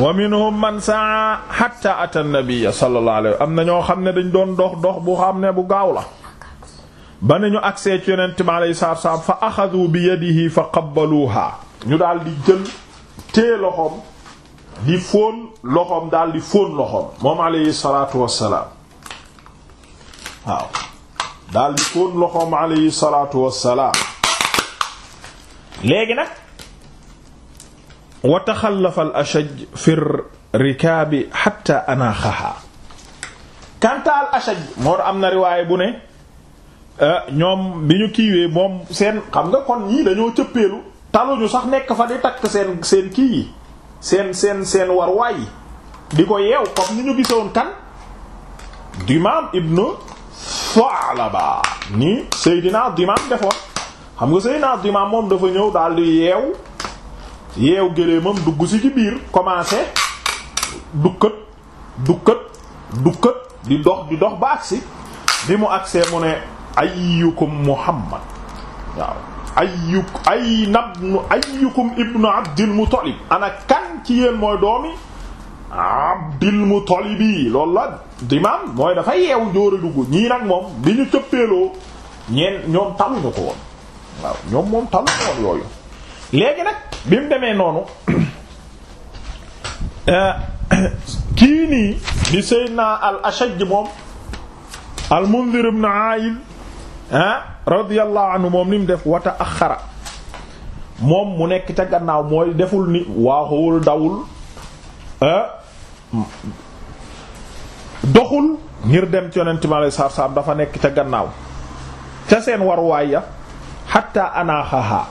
wa minhum man saa hatta ata nabiyya sallallahu alayhi am na ñoo xam ne dañ doon dox dox bu xam ne bu gaaw la ba nañu ñu agsee ci yonent bi alayhi salaatu wassalaam fa axadu bi yadihi fa qabbaluha ñu daldi jël tee loxoom di fóon loxoom daal di fóon loxoom moom alayhi salaatu wassalaam waaw daal di fóon loxoom alayhi salaatu wassalaam léegi nag wa taxallafa al ashaj fi rikaabi xatta anaaxaha kanta al ashaj moo am na riwaay bu ne euh, ñoom bi ñu kiiwee moom seen xam nga kon ñii dañoo cëppeelu taluñu sax nekk fa di takk seen seen kii yi seen seen seen war yi di ko yeew comme ni ñu gisoon kan Dimaam ibnu Saalaba ni Seydina Dimaam defoon xam nga Seydina Dimaam moom dafa ñëw daal di yeew yeew gëléemam dugg si ci biir commencé dukkat dukkat dukkat di dox di dox ba agsi bi mu agsee mu ne ayyukum Muhammad waaw ayyub ay nabnu ayyukum ibnu abdil ana kan ci mooy doomi abdil muttalib la dimaam mooy dafa yeewu jóor a dugg ñii nag moom li ñu cëppeeloo ñeen ñoom taluñu ko woon waaw ñoom moom taluñu noonu kii di Seydina al Ashaj moom al Mundhir ibn Aid ah radiyallahu anhu moom ni mu def wata axara moom mu nekk ca gannaaw mooy deful ni waaxuwul dawul ah, doxul ngir dem ci yonent mi alayhi dafa nekk ca gannaaw ca seen waruwaay ya xatta anaaxaha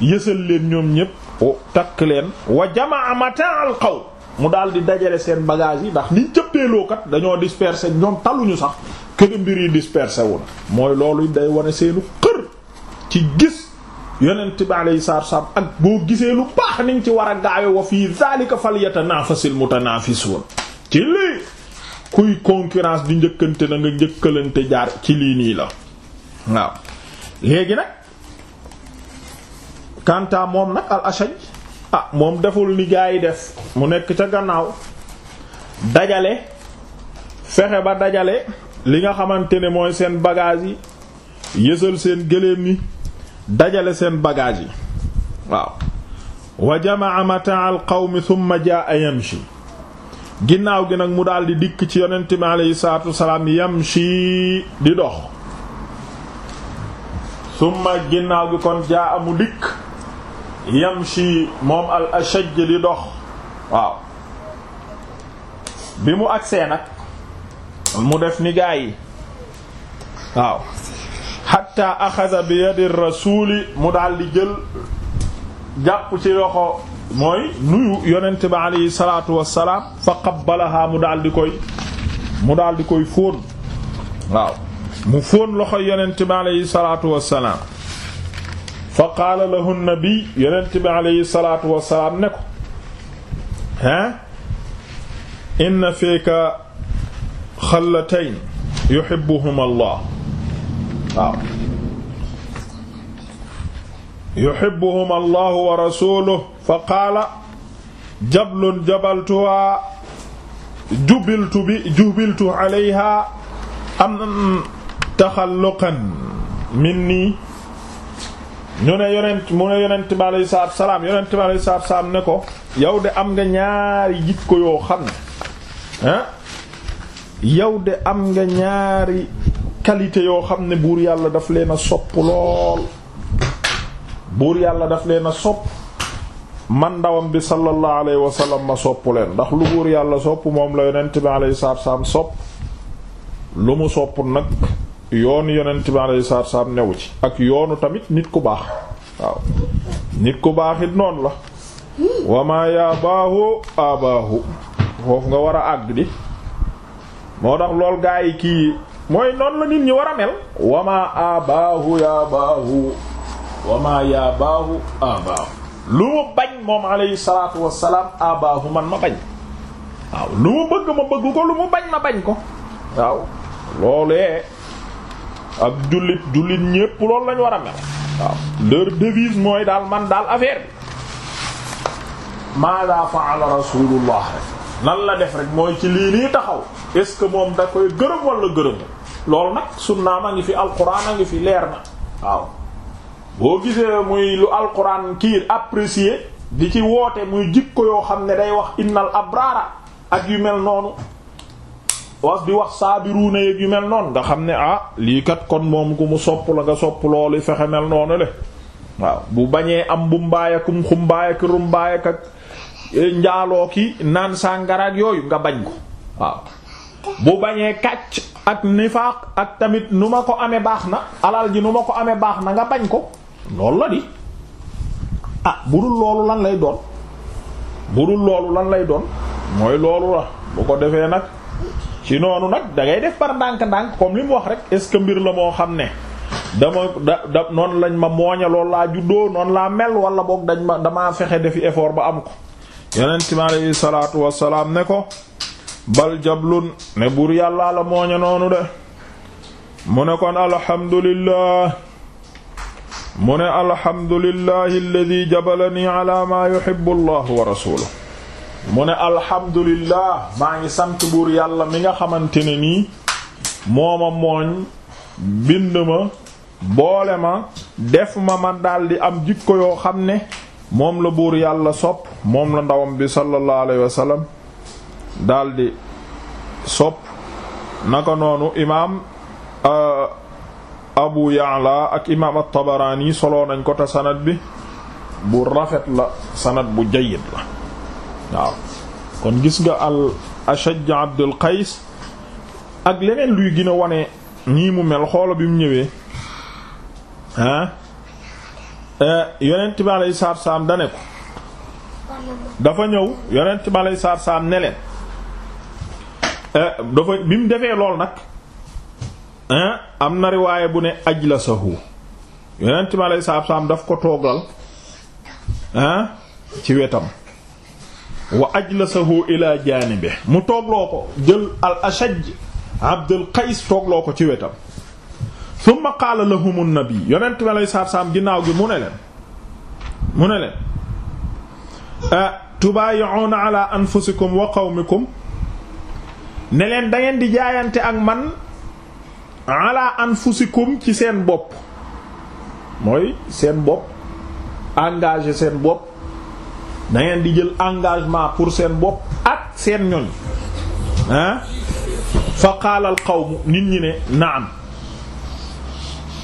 yësal leen ñoom ñépp takk leen wa jamaa mata'al qawm mu daldi dajale seen bagage yi ndax niñ cëppeeloo kat dañoo disperser ñoom taluñu sax kër mbir yi dispersé wu na mooy loolu day wane seenu xër ci gis yonent bi alayhi salaatu wa salaam ak boo gisee lu baax niñ ci war a gaawe wa fii zaalika falyatanaafasil mutanaafisuun ci lii kuy concurrence di njëkkante na nga njëkkalante jaar ci lii nii la waaw léegi nag Kanta moom nag al ashaj ah moom deful ni gaa def mu nekk ca gannaaw dajale fexe ba dajale li nga xamante ne mooy seen bagaas yi yësal seen gëléem yi dajale seen bagaas yi waaw wa jamaa mataa al qawmi thumma jaa yamshi ginnaaw gi nag mu daldi dikk ci yonent bi aleyhi salaatu wasalaam yamshi di dox thumma ginnaaw gi kon jaa amu dikk yamshi moom al ashaj di dox waaw bi mu agsee nag mu def ni gaa yi waaw xatta axasa bi yadi rasuli mu daldi di jël jàpp ci loxo mooy nuyu yonent bi alayhi salaatu wassalaam fa qabbalaha mu koy mu daldi koy fóon waaw mu fóon loxo yonent bi alayhi salaatu wassalaam fa qaala lahu nabi yonent bi alayhi salaatu wassalaam ne ko ha inna fiika xallatayn yuhibbuhuma allah waaw yuhibbuhuma allah wa rasuluhu fa qaala jablun jabaltuha jubiltu bi am taxalluqan minni ñu ne yonent mu ne yonent bi alayhi salaatu salaam ne ko yow de am nga ñaari jikko yoo yow de am nga ñaari qualité yoo xam ne buur yàlla daf leen a sopp lool buur yàlla daf leen a sopp man ndawam bi sallallahu alayhi wa sallam ma sopp leen ndax lu buur yàlla sopp moom la yonent bi alayhi salaatu salaam sopp lu mu sopp nag yoon yonent bi alayhi salaatu salaam newu ci ak yoonu tamit nit ku baax waaw nit ku baax it noonu la wamaa yaa baahu abaahu foofu nga war a àgg di moo tax lool gaa yi kii mooy noon la nit ñi war a mel wama abaahu ya baahu wama ya baahu abaahu lu mu bañ moom alayhi salaatu wassalaam abaahu man ma bañ waaw lu mu bëgg ma bëgg ko lu mu bañ ma bañ ko waaw loolee ab jullit jullit ñépp loolu lañ war a mel waaw leur devise mooy daal man daal affaire bi maada faala rasulullah rek nan la def rek mooy ci lii nii taxaw est-ce que moom da koy gërëm wala gërëm loolu nag sunnaam a ngi fi alquran a ngi fi leer na waaw boo gisee muy lu alquran kiir apprécier di ci woote muy jikko yoo xam ne day wax innal abraara ak yu mel noonu was di wax saabiruuna yëg yu mel noonu nga xam ne ah lii kat kon moom ku mu sopp la nga sopp loolu fexe mel noonu le waaw bu bañee am bu mbaayakum xumbaayaki rumbaayakak eh, njaaloo ki naan sàngaraak yooyu nga bañ ko waaw bu bañee kàcc ak nifaaq ak tamit nu ma ko amee baax na alal ji nu ma ko amee baax na nga bañ ko loolu la di ah bu dul loolu lan lay doon bu dul loolu lan lay doon mooy loolu la bu ko defee nag ci noonu nag da ngay def par ndànk-ndànk comme li mu wax rek est-ce que mbir la moo xam ne dama da da noon lañ ma mooñe loolu laa juddoo noonu laa mel wala boog dañ ma damaa fexe defi effort ba am ko yeneen mi aleyhi salaatu ne ko bal jablun ne buur yàllaa la mooñe noonu de mu ne kon alhamdulillah mu ne alhamdulillahi alladi jabalani ala maa yuhibbu allahu wa maa ngi sant buur yàlla mi nga xamante ne nii mooma mooñ bind ma boole ma def ma ma daldi am jikko yoo xam ne moom la buur yàlla sopp moom la ndawam bi sallallahu alayhi wa sallam daldi sopp naka noonu imaam euh, Abu Ya'la ak imaam at-Tabarani soloo nañ ko te sanad bi bu rafet la sanad bu jayyid la waaw kon gis nga al Ashajj Abdul Qays ak leneen luy gën a wane nii mu mel xoola bi mu ñëwee ah yonent bi alayhi salaam dane ko dafa ñëw yonent bi alayhi salaam ne leen Eh, dafa bi mu defee lool nag eh, am na riwaaye bu ne ajlasahu yonent mi alayhi salaatu daf ko toogal eh, ci wetam wa ajlasahu ila jaanibe mu toogloo ko jël al ashaj abdul qais toogloo ko ci wetam summa qaala lahumu nabi yonent mi alayhi salaatu salaam ginnaaw gi mu ne leen mu ne leen tubaayi'uuna ala anfusikum wa qawmikum neleen leen da ngeen di jaayante ak man ala anfusikum ci seen bopp mooy seen bopp engagé seen bopp da ngeen di jël engagement pour seen bopp ak seen ñoñ ah fa qaala al qawmu nit ñi ne naam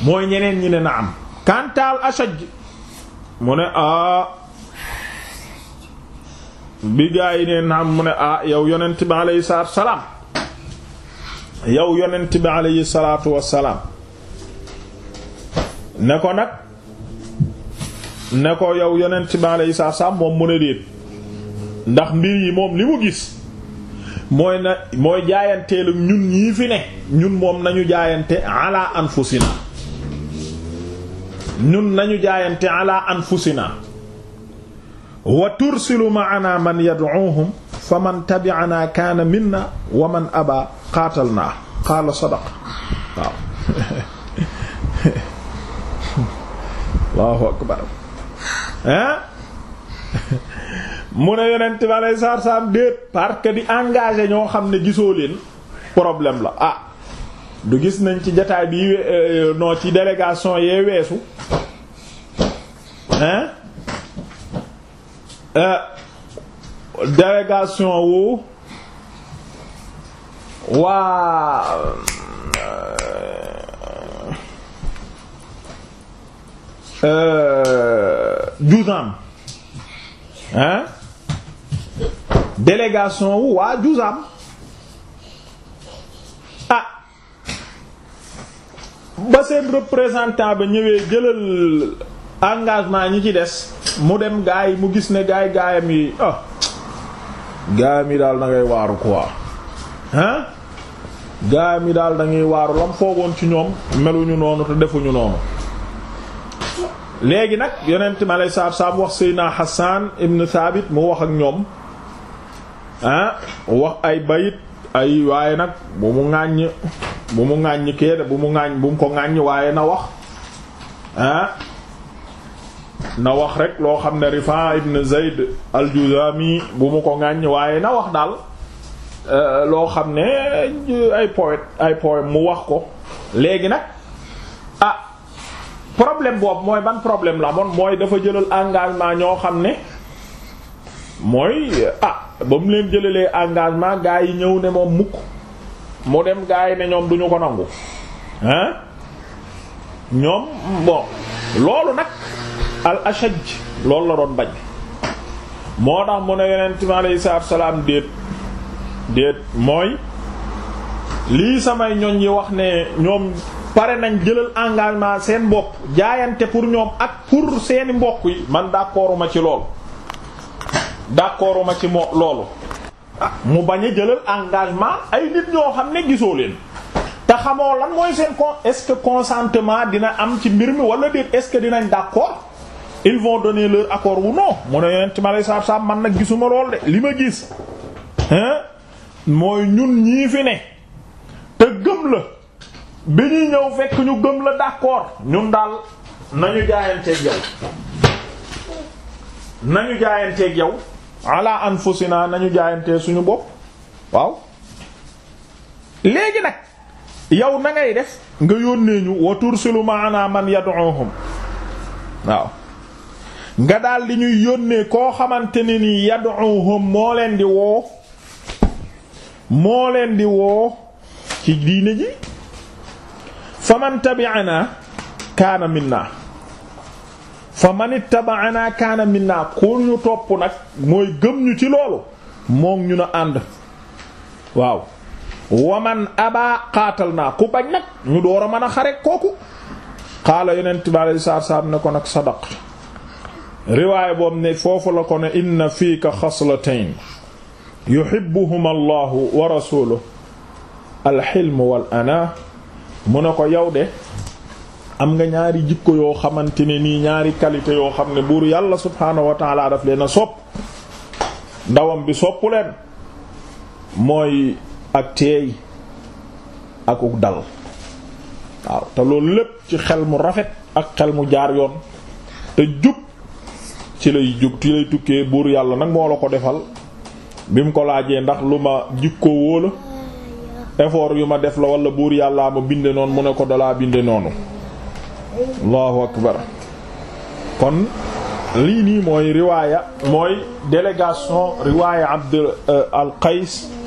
mooy ñeneen ñi ne naam kantaal ashaj mu ne a ah. bi gaa yi ne naam mu ne a ah, yow yonent bi alayhi salaam yow yonent bi alayhi salaatu ne ko nag ne ko yow yonent bi alayhi salaatu wassalaam mu ne déet ndax mbir yi moom li mu gis mooy na mooy jaayanteelu ñun ñii ñun moom nañu jaayante ala anfusina ñun nañu jaayante ala anfusina wa tursilu ma'ana man yad'uuhum fa man tabi'ana kaana minna wa man aba xaatal naa xaala sadaq waaw allahu akbar hein mu ne yonent bi alay saar déet parce que di engagé ñoo xam ne gisoo leen problème la ah du gis nañ ci jataay bi euh, noo ci délégation yee weesu hein euh, délégation wu waa Juzam hein délégation wu waa Juzam ah ba seen représentant ñëwee jëlal engagement ñi ci des mu dem gaay yi mu gis ne gaay gaayam yi ah gaayam yi daal na ngay waaru quoi hein gaay mi daal dañuy waaru lam foogoon ci ñoom meluñu noonu te defuñu noonu léegi nag yonent mi aleyhi salaatu salaam wax Seydina Hassan ibn Thabit mu wax ak ñoom ah wax ay bayit ay waaye nag bu mu ŋàññ bu mu ŋàññ kee bu mu ŋàññ bu mu ko ŋàññ waaye na wax ah, na wax rek loo xam ne Rifa ibn Zayd al-Juzami bu mu ko ŋàññ waaye na wax daal Euh, loo xam ne ay poète ay poème mu wax ko léegi nag a ah, problème boobu mooy ban problème la moon mooy dafa jëlal engagement ñoo xam ne mooy a ah, ba mu leen jëlalee engagement gaa yi ñëw ne moom mukk mu dem gaa yi ne ñoom duñu ko nangu hein ñoom bon loolu nag al ashaj loolu la doon bañ moo tax mu ne yeneen mi alayhi sa wa salaam déet déet mooy lii samay ñoñ yi wax ne ñoom pare nañ jëlal engagement seen bopp jaayante pour ñoom ak pour seeni mbokk yi man d'accorduma ci loolu d'accorduma ci moo loolu ah, mu bañ a jëlal engagement ay nit ñoo xam ne gisoo leen te xamoo lan mooy seen con est-ce consentement dina am ci mbir mi wala déet est-ce que dinañ d'accord ils vont donner leur accord ou non mu ne yonent ma lay saab saab man nag gisuma lool de li ma gis mooy ñun ñii fi ne te gëm la bi ñuy ñëw fekk ñu gëm la d'accord ñun daal nañu jaayanteeg yow nañu jaayanteeg yow ala anfusina nañu jaayantee suñu bopp waaw léegi nag yow na ngay def nga yónnee ñu wa tursilu maana man yad'uhum waaw nga daal li ñuy yónnee koo xamante ni nii yad'uhum moo leen di woo moo leen di woo ci diine ji fa man tabi'ana kaana minna fa man ittaba'ana kaana minna ku ñu topp nag mooy gëm ñu ci loolu moo ñu na ànd waaw waman aba xaatal naa ku bañ nag ñu door a mën a xare kooku xaala yonent bi alei saatu ne ko nag sadaq riwaaya boobu ne foofu la ko ne inna fiika xaslatayn yuhibbuhum allahu wa rasuluhu alxilm wal ana mu ne ko yow de am nga ñaari jikko yoo xamante ne nii ñaari qualité yoo xam ne buur yàlla subhaanahu wa taala daf leen a sopp ndawam bi soppu leen mooy ak teey akuk dal waaw te loolu lépp ci xel mu rafet ak xel mu jaar yoon te jub ci lay jub ci lay tukkee buur yàlla nag moo la ko defal bi mu ko laajee ndax lu ma jikkowoo la effort yu ma def la wala buur yàllaa ma binde noonu mu ne ko dalaa binde noonu allahu akbar kon lii nii mooy riwaaya mooy délégation riwaaya abd euh, al qays